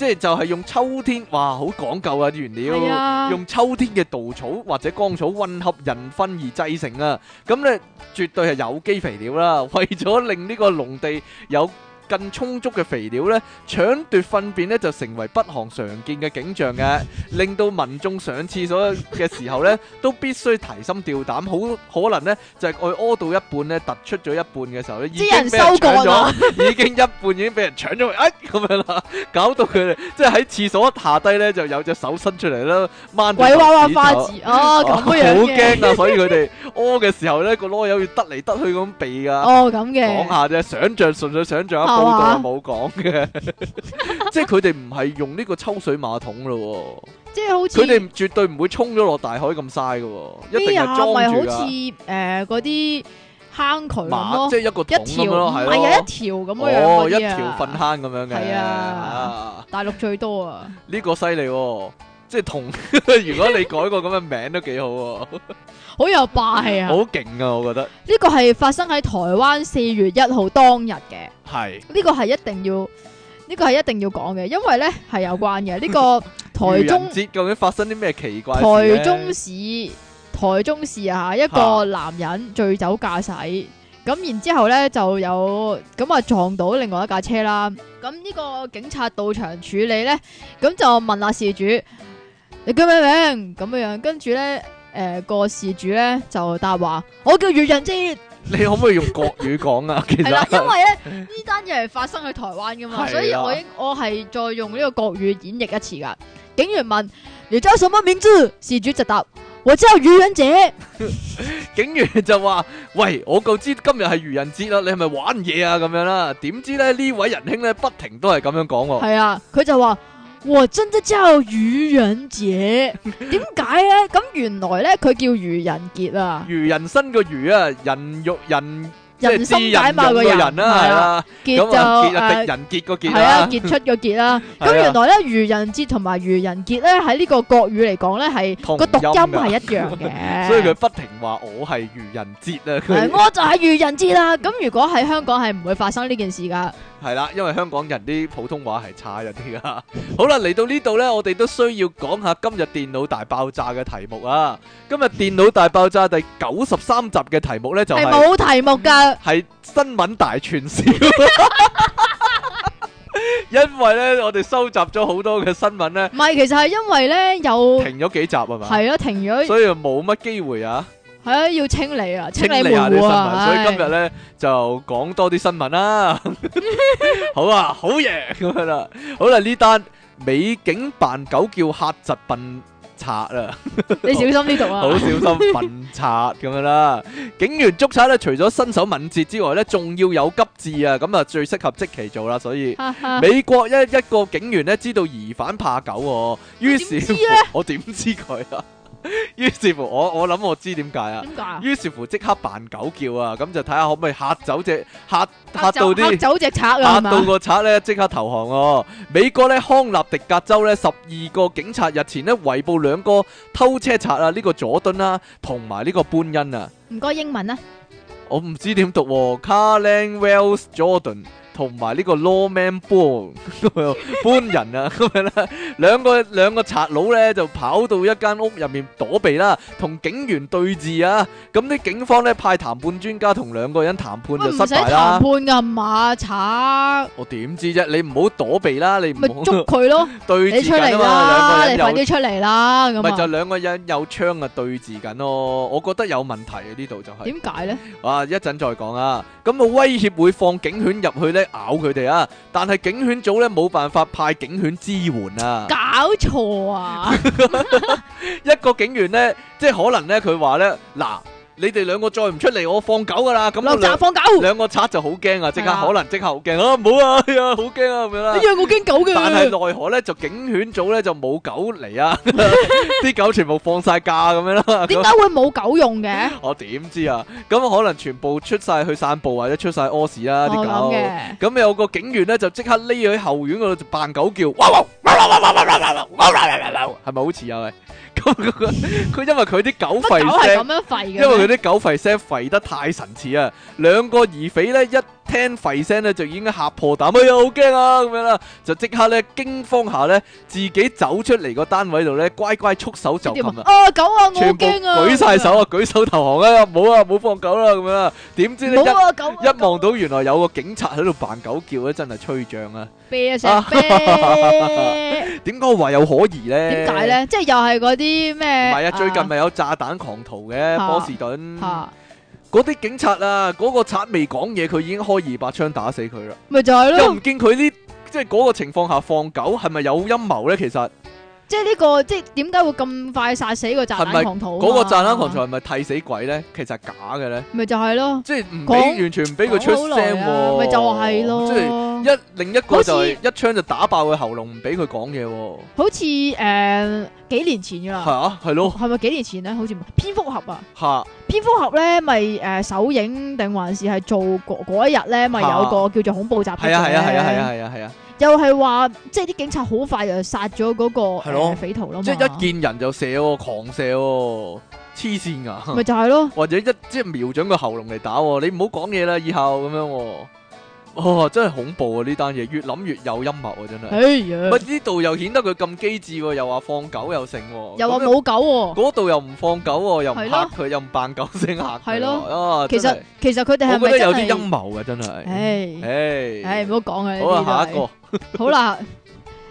即係就係用秋天，哇！好講究啊啲原料，是啊、用秋天嘅稻草或者乾草混合人糞而製成啊！咁咧絕對係有機肥料啦，為咗令呢個農地有更充足嘅肥料咧，搶奪糞便咧就成為北韓常見嘅景象嘅，令到民眾上廁所嘅時候咧，都必須提心吊膽，好可能咧就係愛屙到一半咧突出咗一半嘅時候咧，已經俾人搶咗，人已經一半已經俾人搶咗埋，哎咁樣啦，搞到佢哋即係喺廁所下低咧就有隻手伸出嚟啦，鬼娃娃花子哦咁、啊、樣，好驚啊！所以佢哋屙嘅時候咧個囉柚要得嚟得去咁避噶，哦咁嘅，講下啫，純純純純想像純粹想像。冇講嘅， 即係佢哋唔係用呢個抽水馬桶咯喎，即係好似佢哋絕對唔會沖咗落大海咁嘥嘅喎，一定裝住啊！咪好似誒嗰啲坑渠咁咯，即係一個桶咁咯，係有一條咁樣嘅、啊哦哎、一條糞、啊哦、坑咁樣嘅，係啊！大陸最多啊！呢個犀利喎！即係同， 如果你改個咁嘅名都幾好喎 好有霸氣啊！ 好勁啊！我覺得呢 個係發生喺台灣四月一號當日嘅是，係呢個係一定要，呢、呢個係一定要講嘅，因為呢係有關嘅。呢、呢個台中 愚人節究竟發生啲咩奇怪事？台中市台中市啊，一個男人醉酒駕駛，咁、啊、然之後呢就有咁啊撞到另外一架車啦。咁呢個警察到場處理呢，咁就問下事主。你叫咩名？咁樣樣，跟住咧，誒、呃，個事主咧就答話：我叫愚人節。你可唔可以用國語講啊？其實係 啦，因為咧呢單嘢係發生喺台灣噶嘛，啦所以我應我係再用呢個國語演繹一次噶。警員問：你叫什麼名字？事主就答：我叫愚人節。 警員就話：喂，我就知今日係愚人節啦，你係咪玩嘢啊？咁樣啦，點知咧呢位仁兄咧不停都係咁樣講喎。係啊，佢就話。我真真真係愚人節，點解咧？咁原來咧佢叫愚人傑啊！愚人生個愚啊，人肉人，即係生人肉個人啦、啊，係啦、啊。傑就狄仁傑個傑，傑，傑啊，啊，傑出個傑啦、啊。咁、 啊、原來咧愚人節同埋愚人傑咧喺呢個國語嚟講咧係同個讀音係一樣嘅。 所以佢不停話我係愚人節啊，啊！我就係愚人節啦、啊。咁 如果喺香港係唔會發生呢件事噶。係啦，因為香港人啲普通話係差一啲噶。好啦，嚟到呢度呢，我哋都需要講下今日電腦大爆炸嘅題目啊。今日電腦大爆炸第九十三集嘅題目呢就係冇題目噶，係新聞大串燒。因為呢，我哋收集咗好多嘅新聞呢，唔係，其實係因為呢有停咗幾集係嘛，係咯，停咗，所以冇乜機會啊。係啊，要清理啊，清理一下啲新聞，所以今日咧就講多啲新聞啦。好啊，好嘢，咁樣啦。好啦，呢單美警扮狗叫嚇襲笨賊啊！你小心呢度啊！好小心笨賊咁樣啦。警員捉賊咧，除咗身手敏捷之外咧，仲要有急智啊！咁啊，最適合積淇做啦。所以美國一一個警員咧，知道疑犯怕狗，於是我點知佢啊？於 是乎我，我我諗我知點解啦。點解啊？於是乎，即刻扮狗叫啊！咁就睇下可唔可以吓走隻吓吓到啲吓走隻賊啊嘛！吓到個賊咧，即刻投降哦、啊！美國咧康納迪格州咧，十二個警察日前咧圍捕兩個偷車賊啊！呢、呢個佐敦啦，同埋呢個潘恩啊！唔該、啊、英文啊！我唔知點讀、啊、，Carlen Wells Jordan。同埋呢個 lawman 搬搬人啊，咁樣啦，兩個兩個賊佬咧就跑到一間屋入面躲避啦，同警員對峙啊。咁啲警方咧派談判專家同兩個人談判就失敗啦。唔使談判㗎嘛，賊！我點知啫，你唔好躲避啦，你唔捉佢咯，對出嚟啊！兩個人有出嚟啦，咁咪就兩個人有槍啊對峙緊咯。我覺得有問題啊，呢度就係點解咧？哇！一陣再講啊。咁啊威脅會放警犬入去咧。咬佢哋啊！但係警犬組咧冇辦法派警犬支援啊！搞錯錯啊！ 一個警員呢，即係可能呢，佢話呢。嗱。你哋兩個再唔出嚟，我放狗噶啦！咁放狗兩個兩個賊就好驚啊，即刻可能即刻好驚啊！唔好啊，呀好驚啊咁樣啦！呀我驚狗嘅，但係奈何咧就警犬組咧就冇狗嚟啊！啲狗全部放晒假咁樣啦。點解會冇狗用嘅？我點知啊？咁可能全部出晒去散步或者出晒屙屎啦啲狗。咁有個警員咧就即刻匿喺後院嗰度就扮狗叫，汪汪。哇係咪好似啊？佢佢佢， 因為佢啲狗吠聲，因為佢啲狗吠聲吠得太神似啊！兩個疑匪咧一。聽吠聲咧就已經嚇破膽，哎呀好驚啊咁樣啦，就即刻咧驚慌下咧，自己走出嚟個單位度咧，乖乖束手就擒啊！啊狗啊，我驚啊！舉晒手啊，啊舉手投降啊！唔好啊，冇、啊、放狗啦咁樣。點知你一望、啊啊、到原來有個警察喺度扮狗叫咧，真係吹脹啊！咩聲咩？點解話有可疑咧？點解咧？即係又係嗰啲咩？唔係啊！最近咪有炸彈狂徒嘅波士頓。啊啊啊嗰啲警察啊，嗰個賊未講嘢，佢已經開二百槍打死佢啦，咪就係咯，又唔見佢呢，即係嗰個情況下放狗係咪有陰謀呢？其實。即係呢個，即係點解會咁快殺死個炸彈狂徒？嗰個炸彈狂徒係咪替死鬼咧？其實係假嘅咧，咪就係咯，即係唔俾完全唔俾佢出聲，咪就話係咯，即係一另一個就係一槍就打爆佢喉嚨，唔俾佢講嘢。好似誒幾年前噶啦，係啊，係咯，係咪幾年前咧？好似蝙蝠俠啊，吓蝙蝠俠咧咪誒首映定還是係做嗰一日咧咪有個叫做恐怖襲擊？係啊係啊係啊係啊係啊！又係話，即係啲警察好快就殺咗嗰個係咯、呃、匪徒囉，即係一見人就射、喔，狂射、喔，黐線㗎！咪就係咯，或者一即係瞄準個喉嚨嚟打、喔，你唔好講嘢啦，以後咁樣、喔。哇！真係恐怖啊！呢單嘢，越諗越有陰謀啊！真係，乜呢度又顯得佢咁機智，又話放狗又成，又話冇狗嗰度又唔放狗，又唔吓佢，又唔扮狗聲吓佢。係咯，啊，其實其實佢哋我覺得有啲陰謀啊，真係。唉唉，唔好講啊。好啊，下一個。好啦，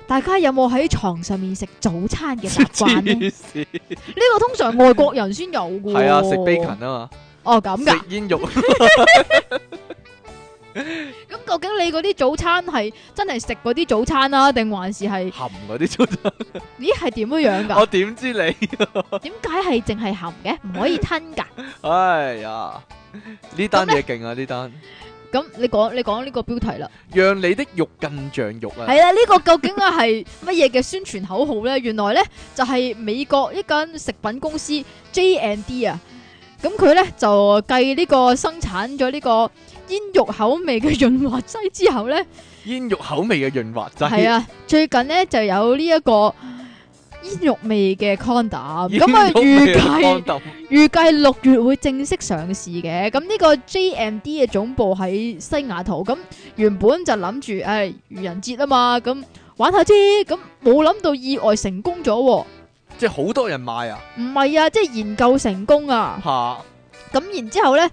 大家有冇喺床上面食早餐嘅習慣咧？呢個通常外國人先有噶。係啊，食 bacon 啊嘛。哦，咁噶。食煙肉。咁、嗯、究竟你嗰啲早餐係真係食嗰啲早餐啦、啊，定還是係含嗰啲早餐？咦，係點樣樣噶？我點知你？點解係淨係含嘅？唔可以吞噶？哎呀，呢單嘢勁啊！嗯、呢單咁、嗯、你講你講呢個標題啦，讓你的肉更像肉啊！係啦、 啊、呢、呢個究竟啊係乜嘢嘅宣傳口號咧？原來咧就係、是、美國一間食品公司 J&D 啊，咁佢咧就計呢個生產咗呢、呢個。煙肉口味嘅潤滑劑之後咧，煙肉口味嘅潤滑劑係啊，最近咧就有呢一個煙肉味嘅 condom，咁啊預計預計六月會正式上市嘅。咁呢個 JMD 嘅總部喺西雅圖，咁原本就諗住誒愚人節啊嘛，咁玩下啫，咁冇諗到意外成功咗、啊，即係好多人買啊，唔係啊，即、就、係、是、研究成功啊，吓、啊，咁然之後咧。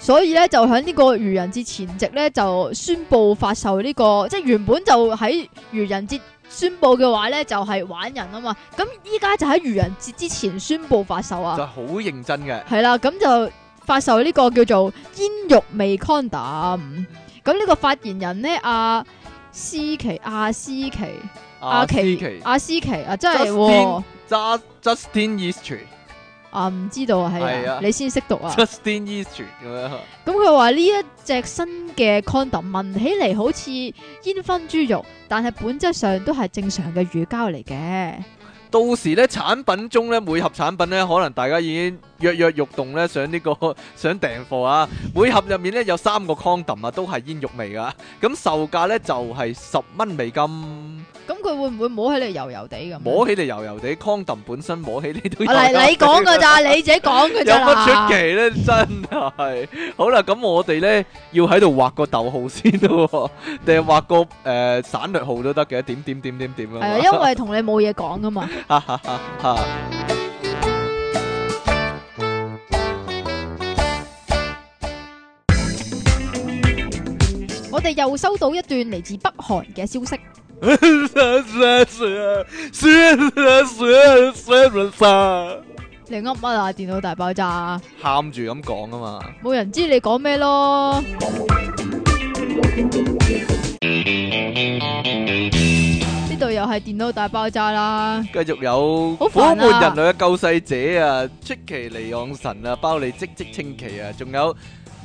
所以咧就喺呢個愚人節前夕咧就宣佈發售呢、這個，即係原本就喺愚人節宣佈嘅話咧就係玩人啊嘛，咁依家就喺愚人節之前宣佈發售啊，就好認真嘅，係啦，咁就發售呢個叫做煙肉味 am,、嗯 condom，咁呢個發言人呢，阿思琪，阿思琪，阿琪，阿思琪，啊，真係 Justin。啊，唔知道啊，係啊，你先識讀啊。Trustin Street 咁樣。咁佢話呢一隻新嘅 condom 聞起嚟好似煙燻豬肉，但係本質上都係正常嘅乳膠嚟嘅。到時咧產品中咧每盒產品咧，可能大家已經。躍躍欲動咧，想呢個想訂貨啊！每盒入面咧有三個 condom 啊，都係煙肉味噶。咁售價咧就係十蚊美金。咁佢會唔會摸起嚟油油地咁？摸起嚟油油地，condom 本身摸起呢都油油。係你講噶咋，你自己講噶咋啦？有乜出奇咧？真係。好啦，咁我哋咧要喺度畫個逗號先咯，定係畫個誒省略號都得嘅。點點點點點啊！係啊，因為同你冇嘢講噶嘛。我哋又收到一段嚟自北韓嘅消息。算啦算啦算啦算啦算啦！你噏乜啊？電腦大爆炸啊！喊住咁講啊嘛，冇人知你講咩咯。呢度又係電腦大爆炸啦！繼續有苦命人類嘅救世者啊，出奇離岸神啊，包你積積稱奇啊！仲有。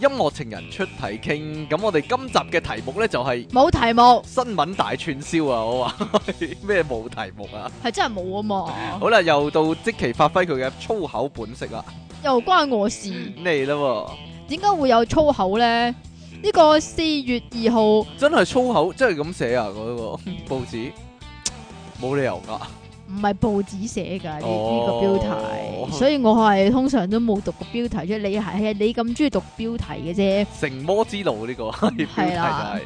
音樂情人出題傾，咁我哋今集嘅題目咧就係、是、冇題目，新聞大串燒啊！我話咩冇題目啊？係真係冇啊嘛！好啦，又到即期發揮佢嘅粗口本色啦，又關我事嚟啦？點解、嗯啊、會有粗口咧？呢、這個四月二號真係粗口，真係咁寫啊！嗰、那個報紙冇 理由噶。唔係報紙寫㗎呢、oh. 個標題，所以我係通常都冇讀個標題啫。你係你咁中意讀標題嘅啫，《成魔之路》呢、這個 標題就係、係啦，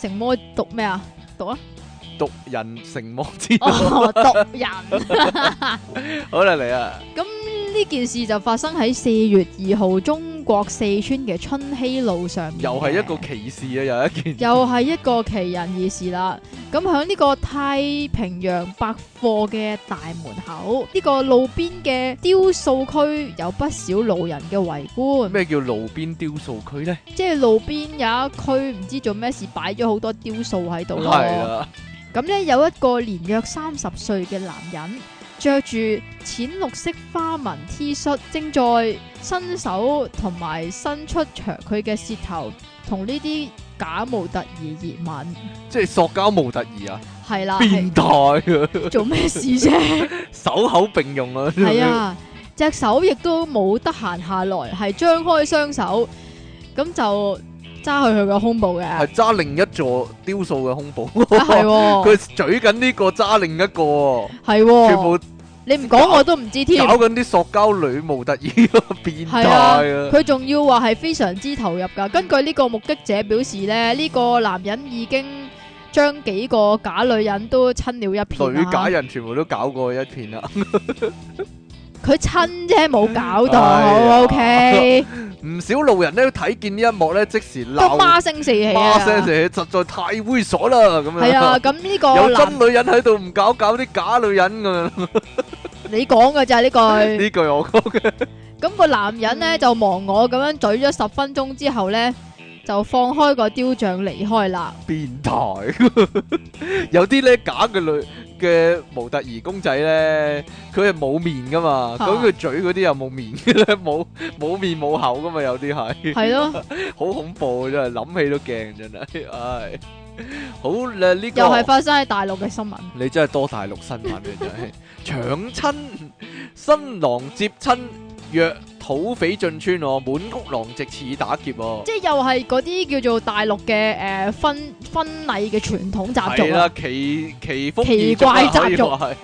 成魔讀咩啊？讀啊！讀獨人成魔之道。哦，獨人。好啦，嚟啊！咁呢件事就發生喺四月二號中國四川嘅春熙路上面。又係一個奇事啊！又係一件。啊、又係一個奇人異事啦。咁喺呢個太平洋百貨嘅大門口，呢、呢個路邊嘅雕塑區有不少路人嘅圍觀。咩叫路邊雕塑區呢？即係路邊有一區唔知做咩事擺咗好多雕塑喺度係啦。 嗯咁咧有一個年約三十歲嘅男人，著住淺綠色花紋 T 恤，正在伸手同埋伸出長佢嘅舌頭，同呢啲假模特兒熱吻。即係塑膠模特兒啊！係啦，變態！做咩事啫？手口並用啊！係啊，隻手亦都冇得閒下來，係張開雙手，咁就揸去佢個胸部嘅，係揸另一座雕塑嘅胸部。佢咀緊呢個，揸另一個。係全部，你唔講我都唔知添。搞緊啲塑膠女模特兒，變態啊！佢仲要話係非常之投入噶。根據呢個目擊者表示咧，呢個男人已經將幾個假女人都親了一遍。女假人全部都搞過一遍啦。佢親啫，冇搞到。O K，唔少路人咧都睇見呢一幕咧，即時鬧。罵聲四起啊！罵聲四起，實在太猥瑣啦！咁樣係啊，咁呢個有真女人喺度唔搞搞啲假女人㗎。你講嘅就係呢句，呢句我講。咁個男人咧就忙我咁樣咀咗十分鐘之後咧，就放開個雕像離開啦！變態，有啲咧假嘅女嘅模特兒公仔咧，佢係冇面噶嘛？咁佢嘴嗰啲又冇面嘅咧，冇冇面冇口噶嘛？有啲係係咯，好恐怖真係，諗起都驚真係，唉，好啦，呢個又係發生喺大陸嘅新聞。你真係多大陸新聞嘅真係，搶親，新郎接親。若土匪進村哦，滿屋狼藉似打劫哦！即係又係嗰啲叫做大陸嘅誒婚婚禮嘅傳統習俗啊！係啦，奇奇風異俗，奇怪習俗，可以話係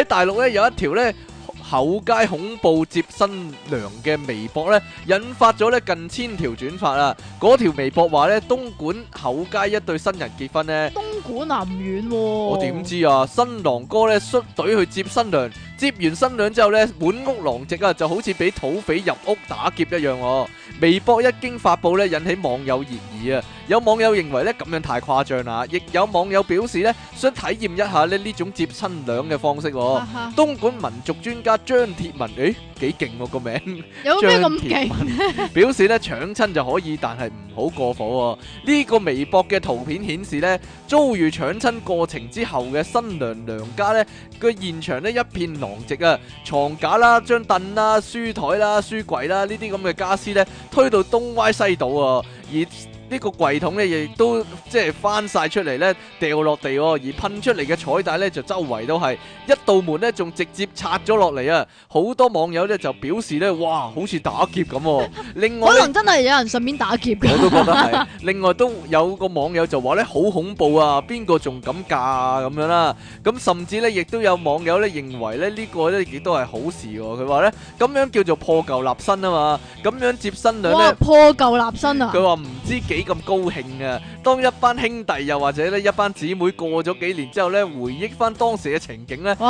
喺大陸咧有一條咧厚街恐怖接新娘嘅微博咧，引發咗咧近千條轉發啊！嗰條微博話咧，東莞厚街一對新人結婚咧，東莞南遠喎，我點知啊？新郎哥咧率隊去接新娘。接完新娘之後呢滿屋狼藉啊，就好似俾土匪入屋打劫一樣哦。微博一經發布呢，引起網友熱議啊。有網友認為呢，咁樣太誇張啦。亦有網友表示呢，想體驗一下咧呢種接新娘嘅方式。 東莞民族專家張鐵文，誒幾勁喎個名，有咩咁勁？表示呢，搶親就可以，但係唔好過火喎。呢個微博嘅圖片顯示呢，遭遇搶親過程之後嘅新娘娘家呢，個現場呢一片狼。床席啊、床架啦、張凳啦、書台啦、書櫃啦，呢啲咁嘅家私呢，推到東歪西倒啊，而。呢個櫃桶呢，亦都即係翻晒出嚟呢，掉落地喎，而噴出嚟嘅彩帶呢，就周圍都係一道門呢，仲直接拆咗落嚟啊！好多網友呢，就表示呢：「哇，好似打劫咁、啊。另外可能真係有人順便打劫嘅。我都覺得係。 另外都有個網友就話呢：「好恐怖啊！邊個仲敢嫁啊？咁樣啦、啊。咁甚至呢，亦都有網友呢，認為呢，呢、呢個呢，亦都係好事喎、啊。佢話呢：「咁樣叫做破舊立新啊嘛。咁樣接新娘呢，破舊立新啊。佢話唔知幾。幾咁高興啊！當一班兄弟又或者咧一班姊妹過咗幾年之後咧，回憶翻當時嘅情景咧，一定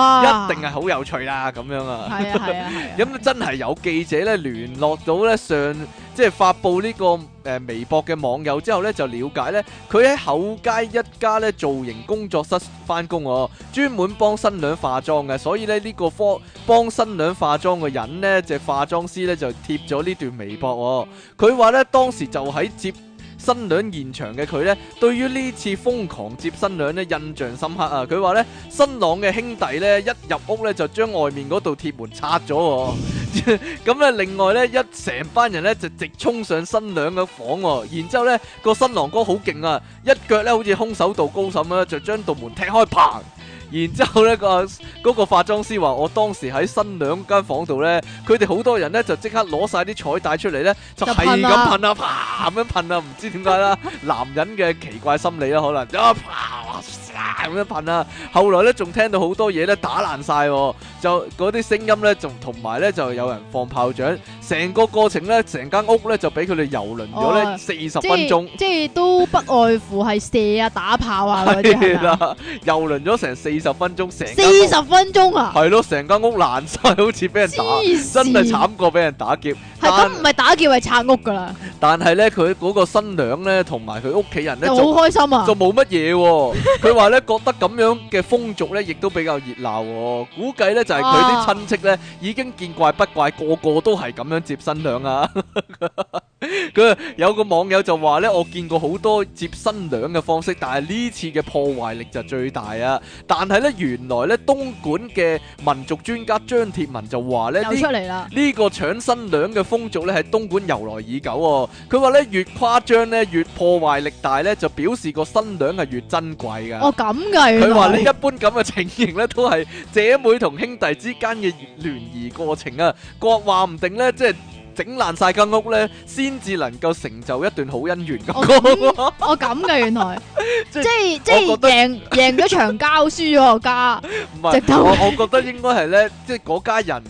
係好有趣啦！咁樣啊，咁真係有記者咧聯絡到咧上，即係發布呢個誒微博嘅網友之後咧，就了解咧佢喺厚街一家咧造型工作室翻工哦，專門幫新娘化妝嘅，所以咧呢個科幫新娘化妝嘅人咧，即係化妝師咧就貼咗呢段微博，佢話咧當時就喺接。新娘現場嘅佢咧，對於呢次瘋狂接新娘咧印象深刻啊！佢話咧，新郎嘅兄弟咧一入屋咧就將外面嗰道鐵門拆咗，咁 咧另外咧一成班人咧就直衝上新娘嘅房，然之後咧個新郎哥好勁啊，一腳咧好似空手道高手噉就將道門踢開嘭。然之後咧個嗰個化妝師話：我當時喺新娘間房度咧，佢哋好多人咧就即刻攞曬啲彩帶出嚟咧，就係咁噴啊，啪咁樣噴啊，唔知點解啦，男人嘅奇怪心理啦，可能啊啪哇唰咁樣噴啊。後來咧仲聽到好多嘢咧打爛曬，就嗰啲聲音咧，仲同埋咧就有人放炮仗，成個過程咧，成間屋咧就俾佢哋遊輪咗咧四十分鐘，即係都不外乎係射啊、打炮啊嗰啲。係啦，遊輪咗成四十分鐘成四十分鐘啊！係咯，成間屋爛晒，好似俾人打，真係慘過俾人打劫。係咁唔係打劫，係、就是、拆屋噶啦。但係咧，佢嗰個新娘咧，同埋佢屋企人咧，就好開心啊，就冇乜嘢。佢話咧，覺得咁樣嘅風俗咧，亦都比較熱鬧啊。估計咧就係佢啲親戚咧，啊、已經見怪不怪，個個都係咁樣接新娘啊。佢 有個網友就話咧，我見過好多接新娘嘅方式，但係呢次嘅破壞力就最大啊。但睇咧，原來咧，東莞嘅民族專家張鐵文就話咧，呢個搶新娘嘅風俗咧，喺東莞由來已久喎。佢話咧，越誇張咧，越破壞力大咧，就表示個新娘係越珍貴㗎。哦，咁嘅？佢話咧，一般咁嘅情形咧，都係姐妹同兄弟之間嘅聯誼過程啊。國話唔定咧、就是，即係。整爛晒間屋咧，先至能夠成就一段好姻緣咁講。 我咁嘅原來， 即係即係贏贏咗場交輸咗、啊、家。唔係 是， 我我覺得應該係咧，即係嗰家人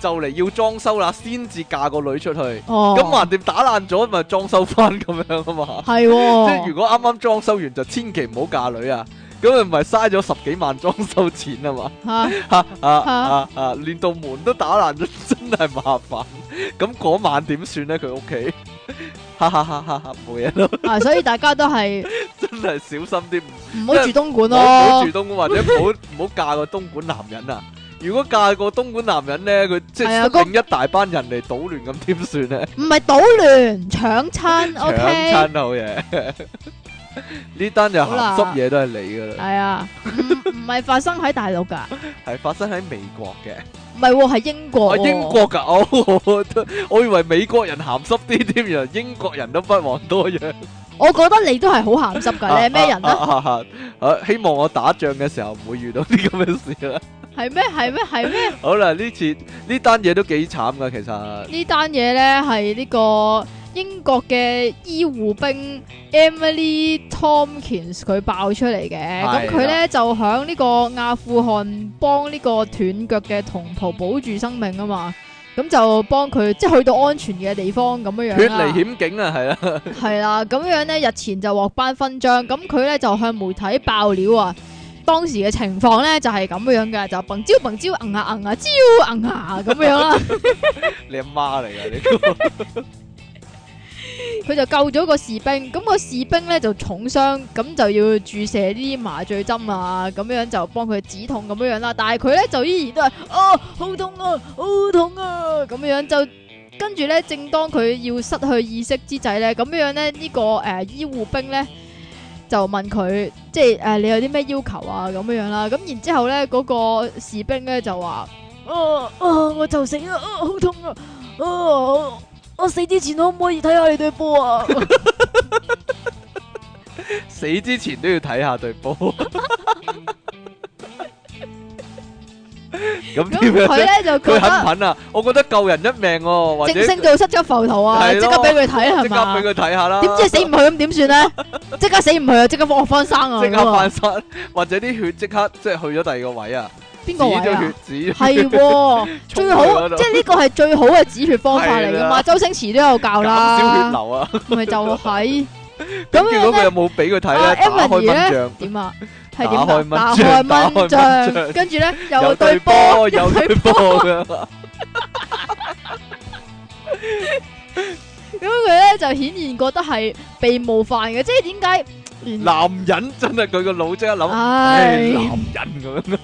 就嚟要裝修啦，先至嫁個女出去。咁橫掂打爛咗，咪裝修翻，咁樣啊嘛。係即係如果啱啱裝修完，就千祈唔好嫁女啊。咁唔係嘥咗十幾萬裝修錢啊嘛？吓吓啊啊啊！連道門都打爛咗，真係麻煩。咁嗰晚點算咧？佢屋企，哈哈哈！冇嘢咯。啊，所以大家都係真係小心啲，唔唔好住東莞咯，唔好住東莞，或者唔好唔好嫁個東莞男人啊！如果嫁個東莞男人咧，佢即係整一大班人嚟搗亂，咁點算咧？唔係搗亂，搶親，搶親好嘢。呢單又鹹濕嘢都係你噶啦，係啊，唔係發生喺大陸噶，係發生喺美國嘅，唔係，係英國，係英國噶。哦，我我以為美國人鹹濕啲添，原來英國人都不遑多讓，我覺得你都係好鹹濕噶，你係咩人啊？好，希望我打仗嘅時候唔會遇到啲咁嘅事啦。係咩？係咩？係咩？好啦，呢次呢單嘢都幾慘噶，其實呢單嘢咧，係呢個。英國嘅醫護兵 Emily Tomkins 佢爆出嚟嘅，咁佢咧就喺呢個阿富汗幫呢個斷腳嘅同袍保住生命啊嘛，咁就幫佢即係去到安全嘅地方咁樣樣啦。脫離險境啊，係啦，係啦，咁樣咧日前就獲頒勳章，咁佢咧就向媒體爆料啊，當時嘅情況咧就係咁樣嘅，就蹦招蹦招，硬下硬下，招硬下咁樣啦。你阿媽嚟噶你？佢 就救咗個士兵，咁、那個士兵咧就重傷，咁就要注射呢啲麻醉針啊，咁樣就幫佢止痛咁樣樣啦。但係佢咧就依然都係，啊，好痛啊，好痛啊，咁樣樣就跟住咧，正當佢要失去意識之際咧，咁樣樣咧呢、這個誒、呃、醫護兵咧就問佢，即係誒、呃、你有啲咩要求啊？咁樣樣啦。咁然之後咧嗰、那個士兵咧就話，哦、啊、哦、啊，我就死啦，哦、啊、好痛啊，哦、啊。我死之前可唔可以睇下你對波啊？死之前都要睇下對波。咁佢咧就佢肯啊？我覺得救人一命哦、啊，正升道失咗浮屠啊！咯即刻俾佢睇下。即刻俾佢睇下啦！點知死唔去咁點算咧？ 即刻死唔去啊！即刻幫我翻生啊！即刻翻生、啊，或者啲血即刻即係去咗第二個位啊！邊個位啊？係，最好即係呢個係最好嘅止血方法嚟噶嘛？周星馳都有教啦，減少血流啊，咪就係。咁如果有冇俾佢睇咧？打開蚊帳，Emily 咧，點啊？係點啊？打開蚊帳，打開蚊帳，跟住咧又對波，又對波咁。咁佢咧就顯然覺得係被冒犯嘅，即係點解？原男人真係佢個腦即刻諗，唉、哎，男人咁，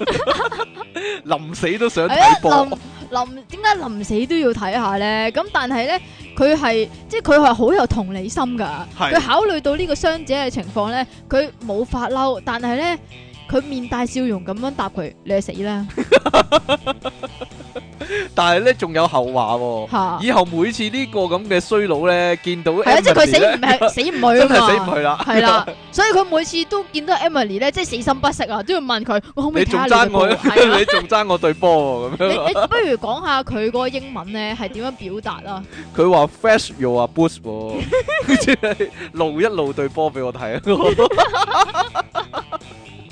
臨 死都想睇波。點解臨死都要睇下咧？咁但係咧，佢係即係佢係好有同理心噶。佢是考慮到個傷呢個傷者嘅情況咧，佢冇發嬲，但係咧。佢面帶笑容咁樣答佢，你係死啦！但係咧，仲有後話喎。吓！以後每次呢個咁嘅衰佬咧，見到係啊，即係佢死唔係死唔去啊嘛，真係死唔去啦。係啦，所以佢每次都見到 Emily 咧，即係死心不息啊，都要問佢：我可唔可以揸我？你仲爭我對波咁樣？你不如講下佢嗰個英文咧，係點樣表達啦？佢話 Flash you 啊，Boost！即係露一露對波俾我睇。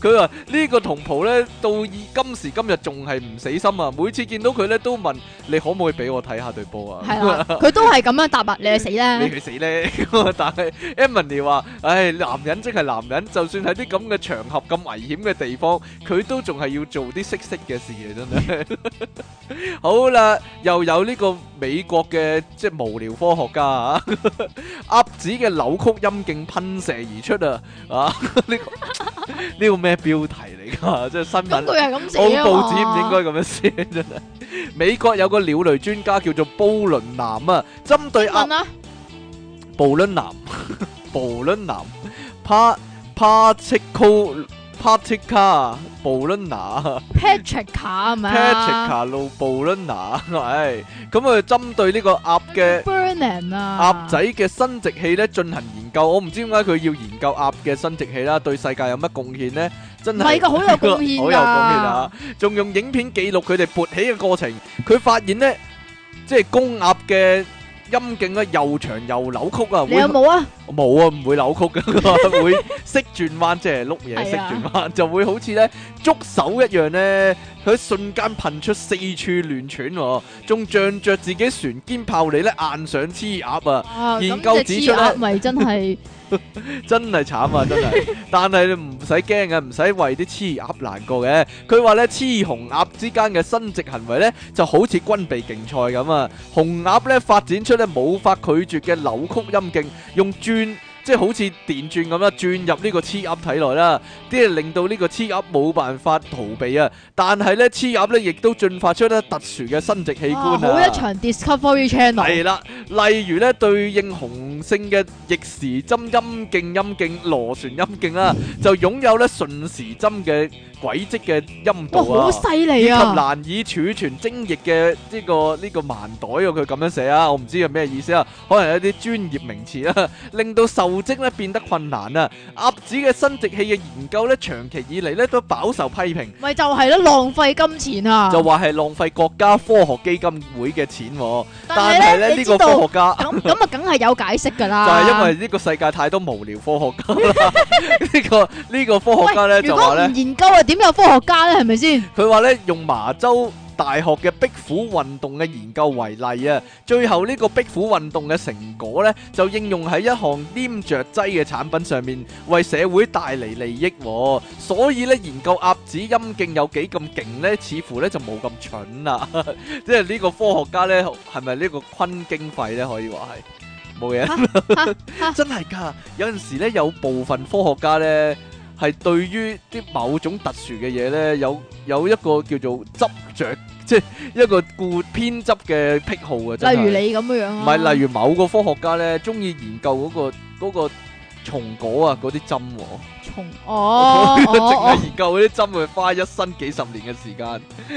佢話呢個同袍咧，到今時今日仲係唔死心啊！每次見到佢咧，都問你可唔可以俾我睇下對波啊？係啊，佢都係咁樣答啊！你去死啦！你去死咧！但係 Emily 話，唉，男人即係男人，就算喺啲咁嘅場合、咁危險嘅地方，佢都仲係要做啲色色嘅事嘅，真係。好啦，又有呢個美國嘅即係無聊科學家啊，鴨子嘅扭曲陰莖噴射而出啊！啊，呢個。呢個咩標題嚟㗎？即係新聞。報報紙唔應該咁樣寫真。 美國有個鳥類專家叫做布倫南啊，針對啊，布倫南，布倫南，part，particular。Patricia Bolena, Patricia 係咪 Patricia Lou Bolena 係 咁佢針對呢個鴨嘅鴨仔嘅生殖器咧進行研究，我唔知點解佢要研究鴨嘅生殖器啦，對世界有乜貢獻咧？真係係一個好有貢獻好有貢獻啊！仲用影片記錄佢哋勃起嘅過程，佢發現咧，即係公鴨嘅。陰莖咧又長又扭曲啊！你有冇啊？我冇啊，唔會扭曲嘅，會識轉彎，即係碌嘢識轉彎，就會好似咧觸手一樣咧，佢瞬間噴出四處亂竄，仲仗著自己船堅炮利咧硬上黐鴨啊！研究指出， 真係慘啊！真係，但係你唔使驚嘅，唔使為啲雌鴨難過嘅。佢話呢，雌雄鴨之間嘅生殖行為呢，就好似軍備競賽咁啊！雄鴨呢發展出呢冇法拒絕嘅扭曲陰莖，用轉。即係好似電鑽咁啦，轉入呢個黐鴨體內啦，即係令到呢個黐鴨冇辦法逃避啊！但係咧，黐鴨咧亦都進化出咧特殊嘅生殖器官啊！好一場 Discovery Channel 係啦，例如咧對應雄性嘅逆時針陰莖、陰莖、螺旋陰莖啦，就擁有咧順時針嘅軌跡嘅陰道啊，好犀利啊！以及難以儲存精液嘅呢個呢個盲袋啊，佢咁樣寫啊，我唔知係咩意思啊，可能係一啲專業名詞啊，令到受步蹤咧變得困難啊！鴨子嘅生殖器嘅研究咧，長期以嚟咧都飽受批評。咪就係咯，浪費金錢啊！就話係浪費國家科學基金會嘅錢啊。但係咧，呢個科學家咁咁啊，梗係有解釋㗎啦。就係因為呢個世界太多無聊科學家啦。呢、 呢個呢、呢個科學家咧喂就話研究啊點有科學家咧？係咪先？佢話咧用麻州大學嘅壁虎運動嘅研究為例啊，最後呢個壁虎運動嘅成果咧，就應用喺一項黏着劑嘅產品上面，為社會帶嚟利益，哦。所以咧，研究鴨子陰莖有幾咁勁咧，似乎咧就冇咁蠢啦。即係呢個科學家咧，係咪呢個昆經費咧？可以話係冇嘢， 真係噶。有陣時咧，有部分科學家咧，係對於啲某種特殊嘅嘢咧，有有一個叫做執着。即係一個固偏執嘅癖好啊！例如你咁樣、啊，唔係例如某個科學家咧，中意研究嗰、那個嗰、那個、松果啊，嗰啲針松、啊、哦，淨係 研究嗰啲針，會花一生幾十年嘅時間。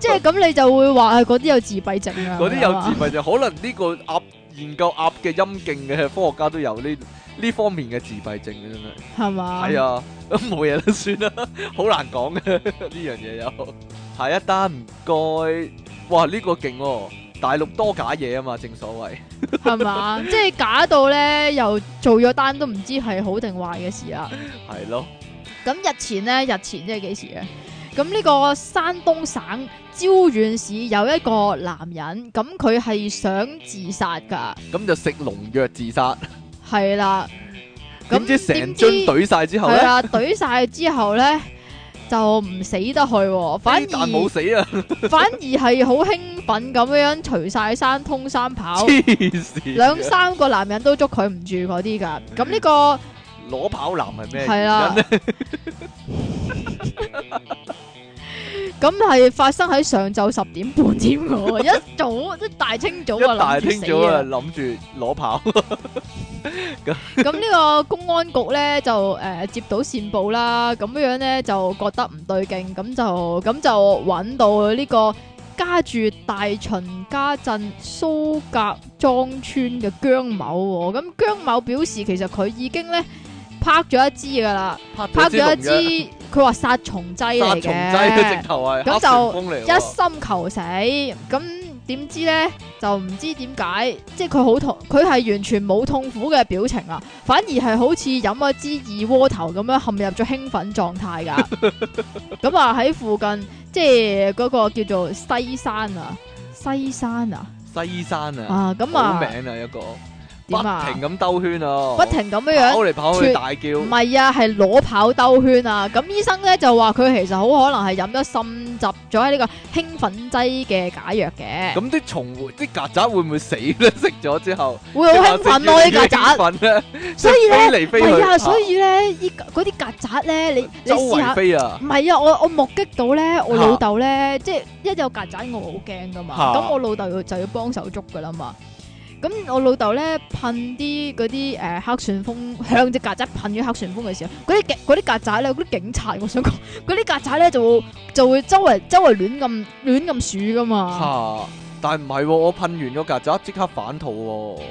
即係咁，你就會話係嗰啲有自閉症啊？嗰啲 有自閉症，嗎可能呢、這個阿。啊。研究鴨嘅陰莖嘅科學家都有呢呢方面嘅自閉症嘅，真係係嘛？係啊吧，咁冇嘢都算啦，好難講嘅。呢樣嘢有下一單唔該。哇呢、呢個勁喎、哦！大陸多假嘢啊嘛，正所謂係嘛？吧 即係假到咧，又做咗單都唔知係好定壞嘅事啊！係咯，咁日前咧，日前即係幾時咧？咁呢個山東省招遠市有一個男人，咁佢係想自殺噶，咁就食農藥自殺，係文啦。咁點知成樽懟晒之後咧？懟晒之後咧就唔死得去，反而冇死啊！笑笑反而係好興奮咁樣樣，除晒衫，通山跑，兩、啊、三個男人都捉佢唔住嗰啲噶。咁呢、這個。攞跑男係咩？係啦，咁係發生喺上晝十點半添喎。一早即大清早啊，大清早啊，諗住攞跑。咁咁呢個公安局咧就誒接到線報啦，咁樣樣咧就覺得唔對勁，咁就咁就揾到呢個家住大秦家鎮蘇格莊村嘅姜某。咁姜某表示，其實佢已經咧。拍咗一支噶啦，拍咗一支，佢話殺蟲劑嚟嘅，咁就一心求死。咁點知咧，就唔知點解，即係佢好痛，佢係完全冇痛苦嘅表情啊，反而係好似飲咗支二鍋頭咁樣陷入咗興奮狀態噶。咁 啊喺附近，即係嗰個叫做西山啊，西山啊，西山啊，啊咁啊，啊好名啊一個。不停咁兜圈啊！不停咁樣樣跑嚟跑去大叫，唔係啊，係攞跑兜圈啊！咁醫生咧就話佢其實好可能係飲咗滲習咗喺呢個興奮劑嘅假藥嘅。咁啲蟲、啲曱甴會唔會死咧？食咗之後會好興奮咯！啲曱甴，所以咧，係啊，所以咧，依嗰啲曱甴咧，你你試下，唔係啊！我我目擊到咧，我老豆咧，即係一有曱甴我好驚噶嘛，咁我老豆就要幫手捉噶啦嘛。咁我老豆咧噴啲嗰啲誒黑旋風向隻曱甴噴咗黑旋風嘅時候，嗰啲啲曱甴咧，嗰啲警察我想講，嗰啲曱甴咧就會就會周圍周圍亂咁亂咁鼠㗎嘛。吓、啊！但係唔係，我噴完咗曱甴即刻反肚，哦。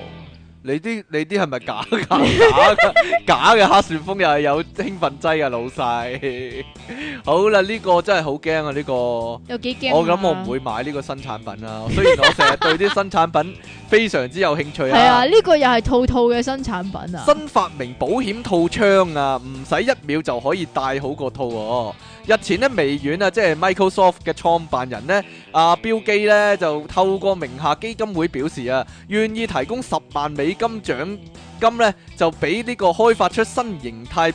你啲你啲係咪假噶？假噶，假嘅 黑旋風又係有興奮劑啊，老細。 好啦，呢個真係好驚啊！呢個有幾驚？我諗我唔會買呢個新產品啊。 雖然我成日對啲新產品非常之有興趣啊。係 啊，呢個又係套套嘅新產品啊。新發明保險套槍啊，唔使一秒就可以戴好個套喎、啊。日前咧，微軟啊，即係 Microsoft 嘅創辦人咧，阿標記咧就透過名下基金會表示啊，願意提供十萬美金獎金咧，就俾呢個開發出新形態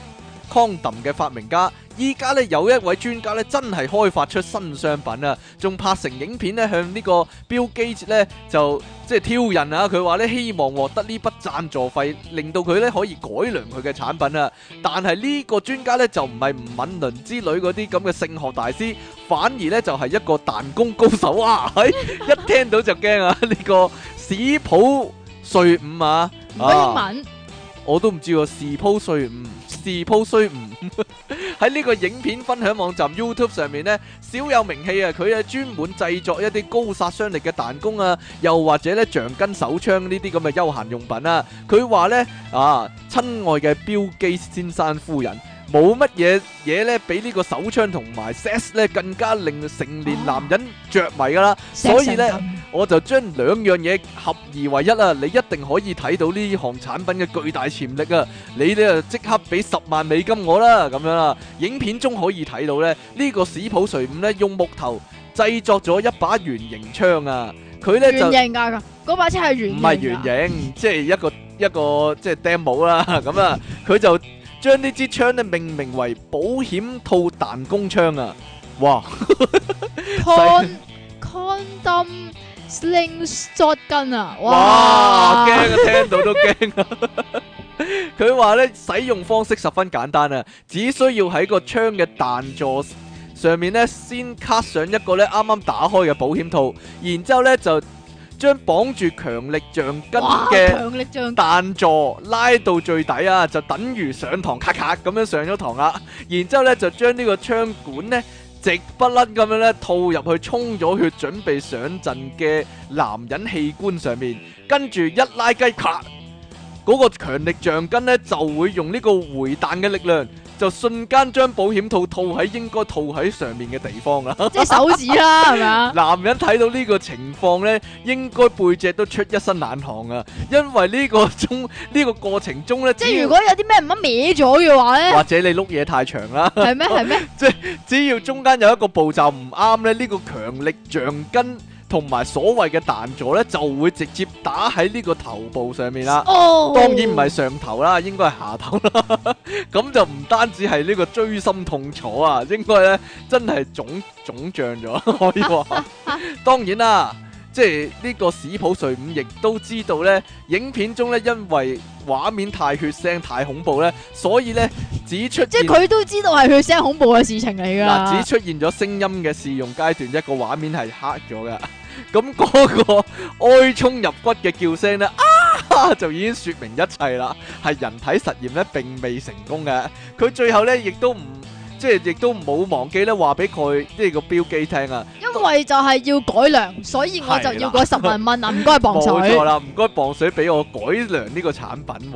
condom 嘅發明家。依家咧有一位專家咧，真係開發出新商品啊！仲拍成影片咧向呢個標記者咧，就即、是、係挑人啊！佢話咧希望獲得呢筆贊助費，令到佢咧可以改良佢嘅產品啊！但係呢個專家咧就唔係吳敏倫之類嗰啲咁嘅性學大師，反而咧就係一個彈弓高手啊！哎、 一聽到就驚啊！呢、這個史普瑞五啊，唔可以我都唔知喎，史普瑞五。視鋪雖唔喺呢個影片分享網站 YouTube 上面咧，小有名氣啊！佢啊專門製作一啲高殺傷力嘅彈弓啊，又或者咧橡筋手槍呢啲咁嘅休閒用品啊！佢話咧啊，親愛嘅 Bill Gates 先生夫人，冇乜嘢嘢咧，比呢個手槍同埋 sex 咧更加令成年男人著迷噶啦，所以咧，我就將兩樣嘢合而為一啦，你一定可以睇到呢行產品嘅巨大潛力啊！你咧即刻俾十萬美金我啦，咁樣啦。影片中可以睇到咧，呢個史普瑞五咧用木頭製作咗一把圓形槍啊！佢咧就圓形啊！嗰把槍係圓形啊！唔係圓形，即係一個一個即係 demo 啦。咁啊，佢就將呢支槍咧命名為保險套彈弓槍啊！哇！Condom Slingshot 筋啊！哇，驚啊！聽到都驚啊！佢話咧，使用方式十分簡單啊，只需要喺個槍嘅彈座上面咧，先卡上一個咧啱啱打開嘅保險套，然之後咧就將綁住強力橡筋嘅彈座拉到最底啊，就等於上堂咔咔咁樣上咗堂啦。然之後咧就將呢個槍管咧。直不甩咁樣咧，套入去衝咗血，準備上陣嘅男人器官上面，跟住一拉雞鈣，嗰個強力橡筋咧就會用呢個回彈嘅力量。就瞬間將保險套套喺應該套喺上面嘅地方啦，即係手指啦，係咪啊？ 男人睇到呢個情況呢，應該背脊都出一身冷汗啊！因為呢個中呢、呢個過程中呢，即係如果有啲咩唔乜歪咗嘅話呢，或者你碌嘢太長啦，係咩係咩？即係 只要中間有一個步驟唔啱呢，呢、呢個強力橡筋。同埋所謂嘅彈座呢，就會直接打喺呢個頭部上面啦。哦，oh. 當然唔係上頭啦，應該係下頭啦。咁 就唔單止係呢個椎心痛楚啊，應該呢真係腫腫脹咗，可以話。當然啦，即係呢個史普瑞五亦都知道呢，影片中呢，因為畫面太血腥、太恐怖呢，所以呢，只出即係佢都知道係血腥恐怖嘅事情嚟㗎、啊。 只出現咗聲音嘅試用階段，一個畫面係黑咗㗎。咁嗰個哀沖入骨嘅叫聲咧，啊就已經説明一切啦，係人體實驗咧並未成功嘅。佢最後咧亦都唔即係亦都冇忘記咧話俾佢即係個標機聽啊。因為就係要改良，所以我就要個十萬蚊啊！唔該，磅水冇錯啦，唔該磅水俾我改良呢個產品，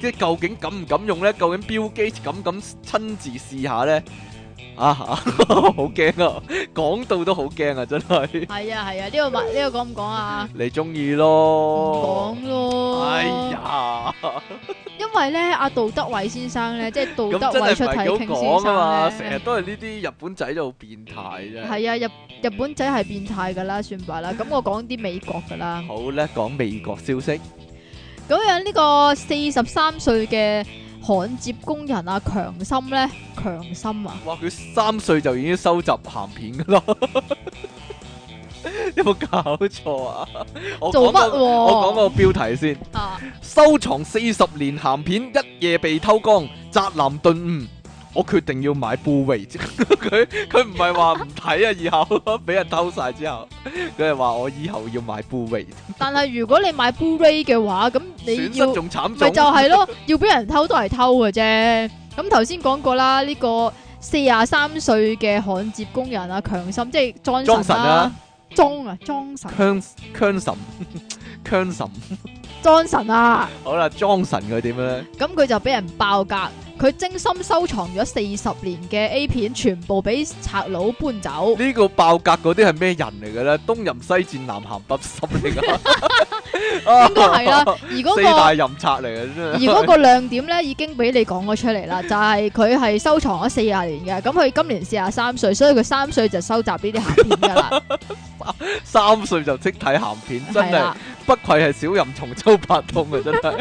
即係究竟敢唔敢用咧？究竟標機敢唔敢親自試下咧？啊吓，好驚啊！講到都好驚啊，真係。係啊，係啊，呢個問呢個講唔講啊？你中意咯，講咯。哎呀，因為咧阿杜德偉先生咧，即係杜德偉出體傾先生咧，成日都係呢啲日本仔就變態啫。係啊，日日本仔係變態噶啦，算罷啦。咁我講啲美國噶啦。好咧，講美國消息。咁樣呢個四十三歲嘅。焊接工人阿強心咧，強心啊！心心啊哇，佢三歲就已經收集鹹片噶啦，有冇搞錯啊？做乜我講個我講個標題先， 啊、收藏四十年鹹片一夜被偷光，宅男頓悟。我決定要買 Blu-ray，佢佢唔係話唔睇啊，以後俾 人偷晒之後，佢係話我以後要買 Blu-ray，但係如果你買 Blu-ray 嘅話，咁你要，仲慘，咪就係咯，要俾人偷都係偷嘅啫。咁頭先講過啦，呢、這個四廿三歲嘅焊接工人啊，強森，即係莊神啦，莊啊，莊神、啊，強強神，強神。莊臣啊，好啦，莊臣佢點咧？咁佢就俾人爆格，佢精心收藏咗四十年嘅 A 片，全部俾賊佬搬走。呢個爆格嗰啲係咩人嚟嘅咧？東淫西賤，南鹹北濕嚟噶，應該係啦。而嗰個四大淫賊嚟嘅啫，而嗰個亮點咧已經俾你講咗出嚟啦，就係佢係收藏咗四廿年嘅，咁佢今年四廿三歲，所以佢三歲就收集呢啲鹹片噶啦，三歲就識睇鹹片，真係。不愧係小任從周八通嘅，真係！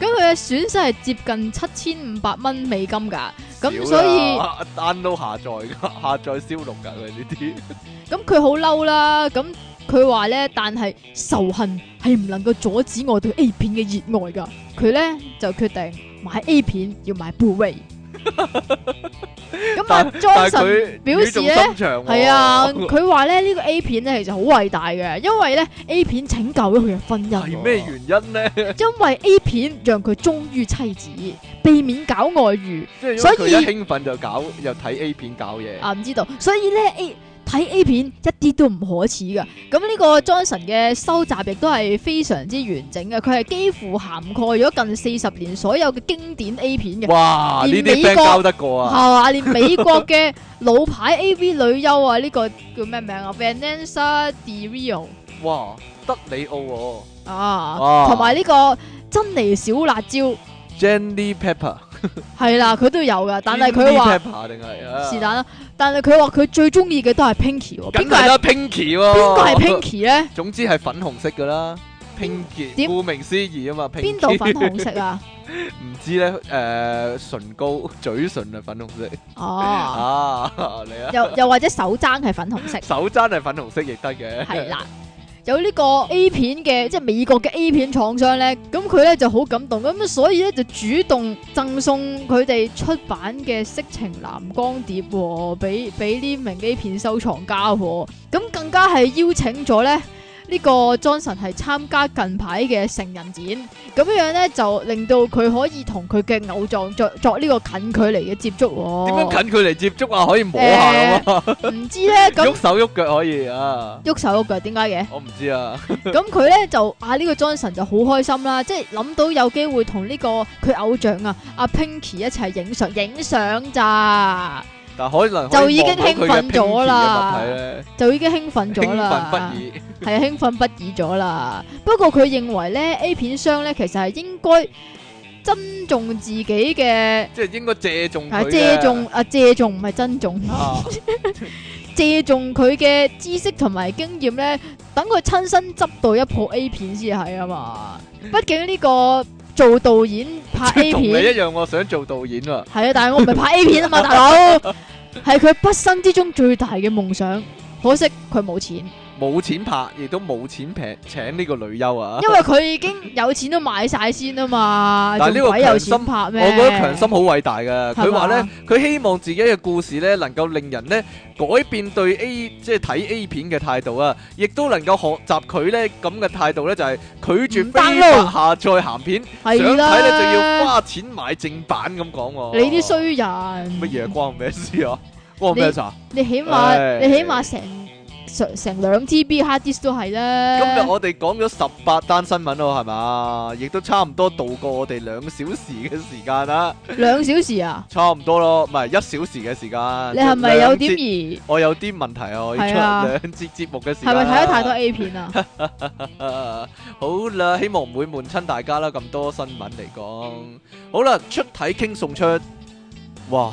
咁佢嘅損失係接近七千五百蚊美金噶，咁、啊、所以單都下載、下載燒錄噶佢呢啲。咁佢好嬲啦，咁佢話咧，但係仇恨係唔能夠阻止我對 A 片嘅熱愛噶。佢咧就決定買 A 片要買 Blu-ray。咁啊，Johnson 表示咧，係、哦、啊，佢話咧呢、這個 A 片咧其實好偉大嘅，因為咧 A 片拯救咗佢嘅婚姻。係咩原因咧？因為 A 片讓佢忠於妻子，避免搞外遇。所以興奮就搞，以又睇 A 片搞嘢啊？唔知道。所以咧 A。睇 A 片一啲都唔可恥噶，咁呢個 Johnson 嘅收集亦都係非常之完整嘅，佢係幾乎涵蓋咗近四十年所有嘅經典 A 片嘅。哇！呢啲 friend 交得過啊吧？係啊，連美國嘅老牌 AV 女優啊，呢、這個叫咩名啊？Vanessa De Rio。哇！德里奧、哦、啊。啊哇。同埋呢個珍妮小辣椒。Jenny Pepper。係啦，佢 都有噶，但係佢話定係啊是但啦， 但係佢話佢最中意嘅都係 Pinky，邊個係 Pinky？邊個係 Pinky 咧？ 呢總之係粉紅色噶啦，Pinky。點 Pinky 顧名思義啊嘛，邊度粉紅色啊？唔 知咧，誒、呃，唇膏、嘴唇係粉紅色。哦， 啊， 啊又又或者手踭係粉紅色， 手踭係粉紅色亦得嘅。係 啦。有呢個 A 片嘅，即係美國嘅 A 片廠商咧，咁佢咧就好感動，咁所以咧就主動贈送佢哋出版嘅色情藍光碟，俾俾呢名 A 片收藏家，咁更加係邀請咗咧呢個 Johnson 係參加近排嘅成人展。咁樣樣咧，就令到佢可以同佢嘅偶像作作呢個近距離嘅接觸。點樣近距離接觸啊？可以摸下唔、呃、 知咧，咁喐手喐腳可以啊動動？喐手喐腳點解嘅？我唔知啊 呢。咁佢咧就啊呢個 Johnson 就好開心啦，即係諗到有機會同呢、這個佢偶像啊阿 Pinky 一齊影相影相咋。但可能可就已經興奮咗啦，就已經興奮咗啦，不已，係啊，興奮不已咗啦。 不過佢認為咧，A 片商咧其實係應該珍重自己嘅，即係應該借重佢，啊，借重啊借重唔係珍重，啊、 借重佢嘅知識同埋經驗咧，等佢親身執到一部 A 片先係啊嘛。畢竟呢、呢個。做導演拍 A 片，同你一樣，我想做導演啊！係啊，但係我唔係拍 A 片啊嘛， 大佬，係佢畢生之中最大嘅夢想，可惜佢冇錢。冇錢拍，亦都冇錢平請呢個女優啊！因為佢已經有錢都買晒先啊嘛。 但係呢個心有心拍咩？我覺得強心好偉大噶。佢話咧，佢希望自己嘅故事咧，能夠令人咧改變對 A 即係睇 A 片嘅態度啊！亦都能夠學習佢咧咁嘅態度咧，就係、是、拒絕非法下載鹹片，想睇咧就要花錢買正版咁講、啊。你啲衰人乜嘢關我咩事啊？關我咩事啊？啊你，你起碼唉你起碼成。成成兩 TB hard disk 都係啦。今日我哋講咗十八單新聞喎，係嘛？亦都差唔多度過我哋兩小時嘅時間啦。兩小時啊？差唔多咯，唔係一小時嘅時間。你係咪有點疑？我有啲問題哦。係啊。我要出兩節節目嘅時間。係咪睇咗太多 A 片啊？好啦，希望唔會悶親大家啦。咁多新聞嚟講，好啦，出體 king 送出，哇！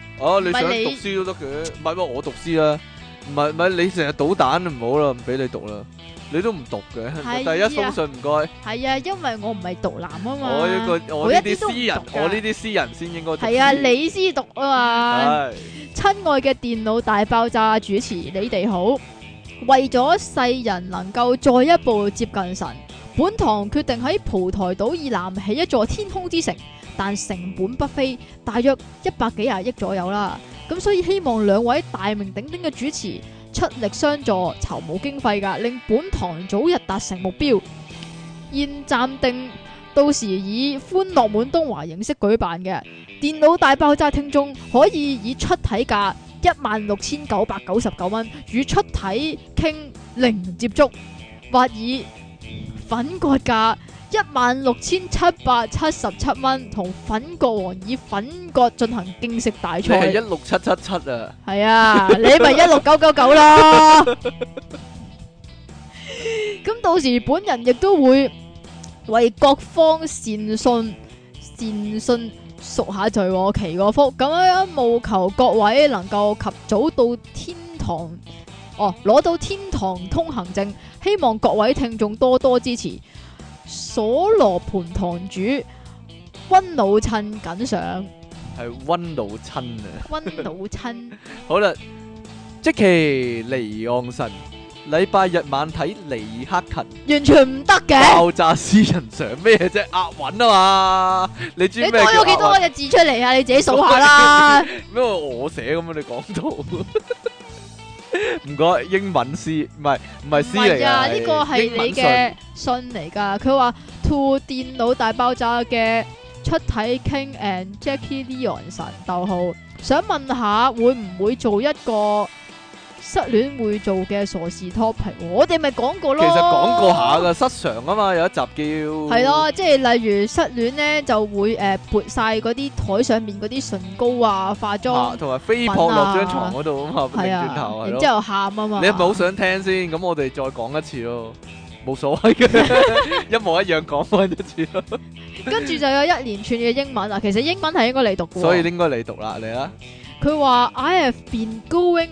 哦，你想讀書都得嘅，唔係我讀書啦，唔係唔係你成日搗蛋，唔好啦，唔俾你讀啦，你都唔讀嘅，第一封信唔該。係啊，因為我唔係毒男啊嘛。我呢個我一啲都唔讀。我呢啲私人先應該。係啊，你先讀啊嘛。親愛嘅電腦大爆炸主持，你哋好。為咗世人能夠再一步接近神，本堂決定喺蒲台島以南起一座天空之城。但成本不菲，大約一百幾廿億左右啦。咁所以希望兩位大名鼎鼎嘅主持出力相助，籌募經費噶，令本堂早日達成目標。現暫定，到時以歡樂滿東華形式舉辦嘅電腦大爆炸聽眾，聽眾可以以出體價一萬六千九百九十九蚊與出體傾零接觸，或以粉割價。一萬六千七百七十七蚊，同粉國王以粉國進行競食大賽，係一六七七七啊！係 啊，你咪一六九九九啦。咁 到時本人亦都會為各方善信善信贖下罪，我祈個福，咁樣務求各位能夠及早到天堂哦，攞到天堂通行證。希望各位聽眾多多支持。所羅盤堂主溫老趁緊上，係溫老趁啊！ 溫老趁，好啦積淇離岸神，禮拜日晚睇尼克勤，完全唔得嘅爆炸私人上咩啫，啊？押韻啊嘛！你知你改咗幾多隻字出嚟啊？你自己數下啦，咩 我寫咁啊，你講到。 唔該， 英文詩唔係唔係詩嚟噶，呢個係你嘅信嚟噶。佢話 To 電腦大爆炸嘅出體 King and Jackie 離岸神，逗號想問下會唔會做一個？失戀會做嘅傻事 topic 我哋咪講過咯。其實講過下噶，失常啊嘛，有一集叫係咯、 啊，即係例如失戀咧就會誒撥晒嗰啲台上面嗰啲唇膏啊化妝同埋飛撲落張床嗰度啊嘛，擰轉頭、啊、然之後喊啊嘛。你係咪好想聽先？咁我哋再講一次咯，冇所謂嘅， 一模一樣講翻一次咯。 跟住就有一連串嘅英文啊，其實英文係應該你讀嘅，所以應該你讀啦，你啦。佢話 I have been going。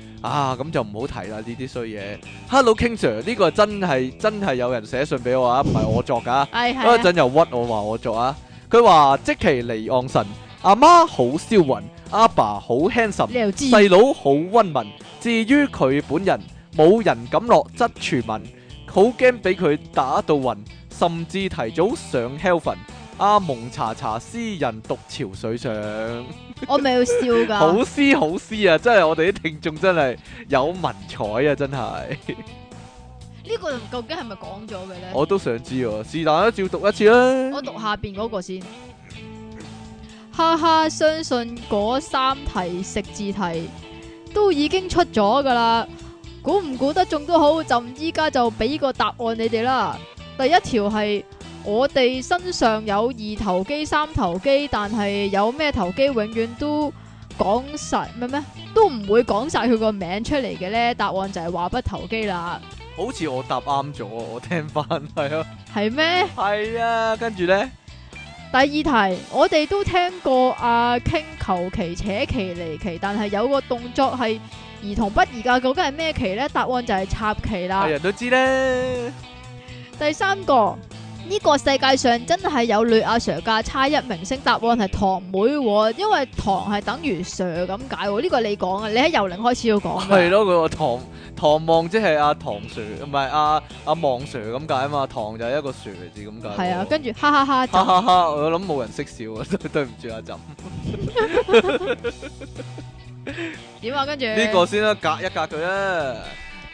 啊，咁就唔好提啦，呢啲衰嘢。Hello，King Sir，呢個真係真係有人寫信俾我啊，唔係我作噶、啊。嗰陣、哎、呀 又屈我話我，我作啊。佢話、哎、呀 積淇離岸神，阿媽，媽好消魂，阿爸，爸好輕神，細佬好温文。至於佢本人，冇人敢落質傳聞，好驚俾佢打到暈，甚至提早上 Heaven。阿蒙查查私人讀潮水上。我咪要笑噶， 好詩好詩啊！真係我哋啲聽眾真係有文采啊！真係，呢個究竟係咪講咗嘅咧？我都想知喎，是但一照讀一次啦。我讀下邊嗰個先，哈哈！相信嗰三題食字題都已經出咗噶啦，估唔估得中都好，就依家就俾個答案你哋啦。第一條係。我哋身上有二頭肌、三頭肌，但係有咩頭肌永遠都講實咩咩，都唔會講晒佢個名出嚟嘅呢？答案就係話不投機啦。好似我答啱咗，我聽翻係啊。係咩？係啊，跟住呢。第二題我哋都聽過啊，傾求其扯其離奇，但係有個動作係兒童不宜嘅，究竟係咩奇呢？答案就係插旗啦。係人都知咧。第三個。呢個世界上真係有女阿 Sir 㗎，差一明星？答案係唐妹，因為唐係等於 Sir 咁解。呢、這個你講啊，你喺遊鈴開始要講。係咯、啊，佢話唐，唐、啊、望即係阿唐 Sir，唔係阿阿望 Sir 咁解啊嘛。唐就係一個 Sir 字咁解。係啊，跟住哈，哈哈哈，哈哈 我諗冇人識笑啊，對唔住阿枕。點啊？跟住呢個先啦，隔一隔佢啦。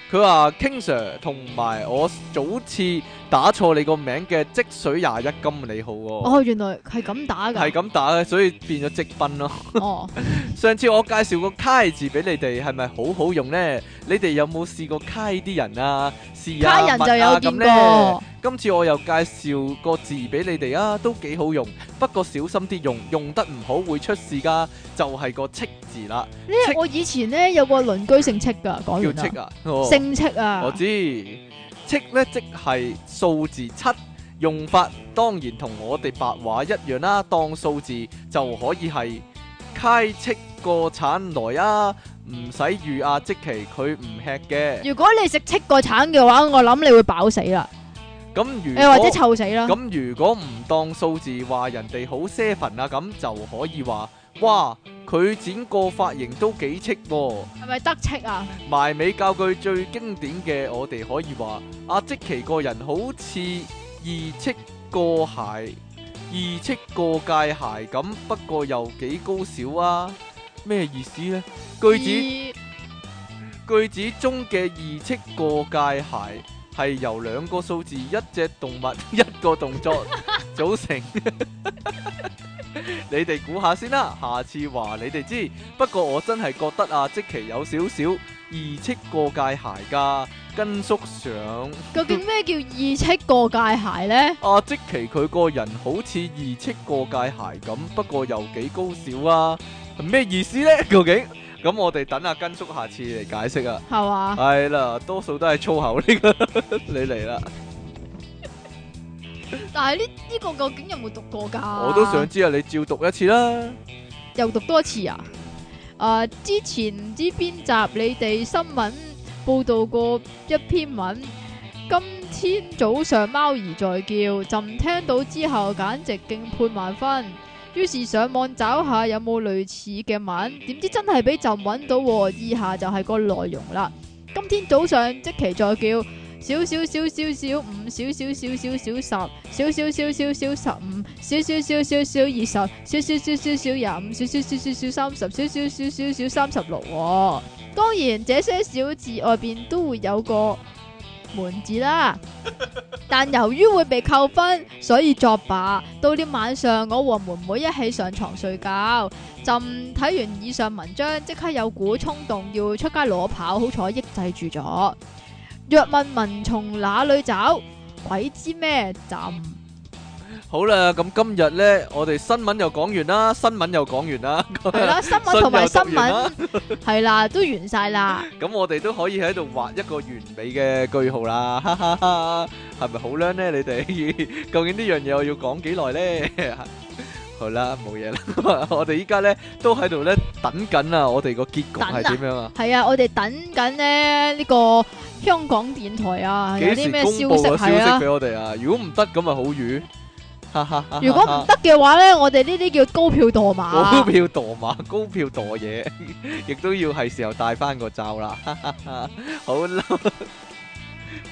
佢話 King Sir 同埋我早次。打錯你個名嘅積水廿一金你好哦，哦，原來係咁打噶，係咁打，嘅，所以變咗積分咯。哦， 上次我介紹個溪字俾你哋，係咪好好用呢？你哋有冇試過溪啲人啊？試下、啊、人就有咁咧？今次我又介紹個字俾你哋啊，都幾好用，不過小心啲用，用得唔好會出事噶，就係、是、個戚字啦。呢戚戚我以前呢，有個鄰居姓戚噶，講戚、啊」啦、哦，姓戚啊，我知。「戚呢」呢即係數字七，用法當然同我哋白話一樣啦、啊。當數字就可以係揩七個橙來啊，唔使預啊，即期佢唔吃嘅、嗯。如果你食七個橙嘅話，我諗你會飽死啦。咁如或者臭死咯。咁、嗯、如果唔當數字話人哋好些份啊，咁就可以話哇。佢剪個髮型都幾戚喎，係咪得戚啊？埋尾教句最經典嘅，我哋可以話阿積淇個人好似二戚過鞋，二戚過界鞋咁，不過又幾高少啊？咩意思咧？句子二句子中嘅二戚過界鞋。係由兩個數字、一隻動物、一個動作組成。 你哋估下先啦，下次話你哋知。不過我真係覺得啊，積淇有少少二尺過界鞋噶，跟叔想。究竟咩叫二尺過界鞋呢？啊，積淇佢個人好似二尺過界鞋咁，不過又幾高少啊？咩意思呢？究竟？咁我哋等阿根叔下次嚟解釋啊，係嘛吧，係啦，多數都係粗口呢個 你嚟啦了。 但係呢呢個究竟有冇讀過㗎？我都想知啊，你照讀一次啦。又讀多次啊？啊、uh，之前唔知邊集你哋新聞報道過一篇文，今天早上貓兒在叫，朕聽到之後簡直敬佩萬分。於是上網找下有冇類似嘅文，點知真係俾朕搵到，以下就係個內容啦。今天早上即期再叫，小小小小小五，小小小小小十，小小小小小十五，小小小小小二十，小小小小小廿五，小小小小小三十，小小小小小三十六。當然，這些小字外面都會有個門字啦，但由於會被扣分，所以作罷。到了晚上，我和妹妹一起上床睡覺。朕睇完以上文章，即刻有股衝動要出街裸跑，好彩抑制住咗。若問文蟲哪裏走，鬼知咩朕。好啦，咁今日咧，我哋新聞又講完啦，新聞又講完啦，係啦，新聞同埋新聞，係啦，都完晒啦。咁我哋都可以喺度畫一個完美嘅句號啦，哈哈哈，係咪好靚咧？你哋究竟呢樣嘢我要講幾耐咧？好啦，冇嘢啦，我哋依家咧都喺度咧等緊啊，我哋個結局係點樣啊？係啊，我哋等緊咧呢個香港電台啊，有啲咩消息俾我哋啊？如果唔得咁啊，好魚。 如果唔得嘅話咧，我哋呢啲叫高票墮馬，馬。高票墮馬，高票墮嘢，亦都要係時候戴翻個罩啦。 好啦了，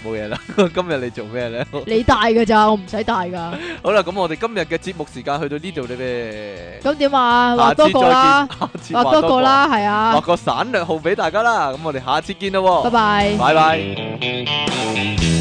冇嘢啦。今日你做咩咧？ 你戴噶咋？我唔使戴噶。 好啦，咁我哋今日嘅節目時間去到呢度咧。咁點啊？畫多個啦，下次畫多個啦，係啊。畫個省略號俾大家啦。咁我哋下次見啦。拜拜。拜拜。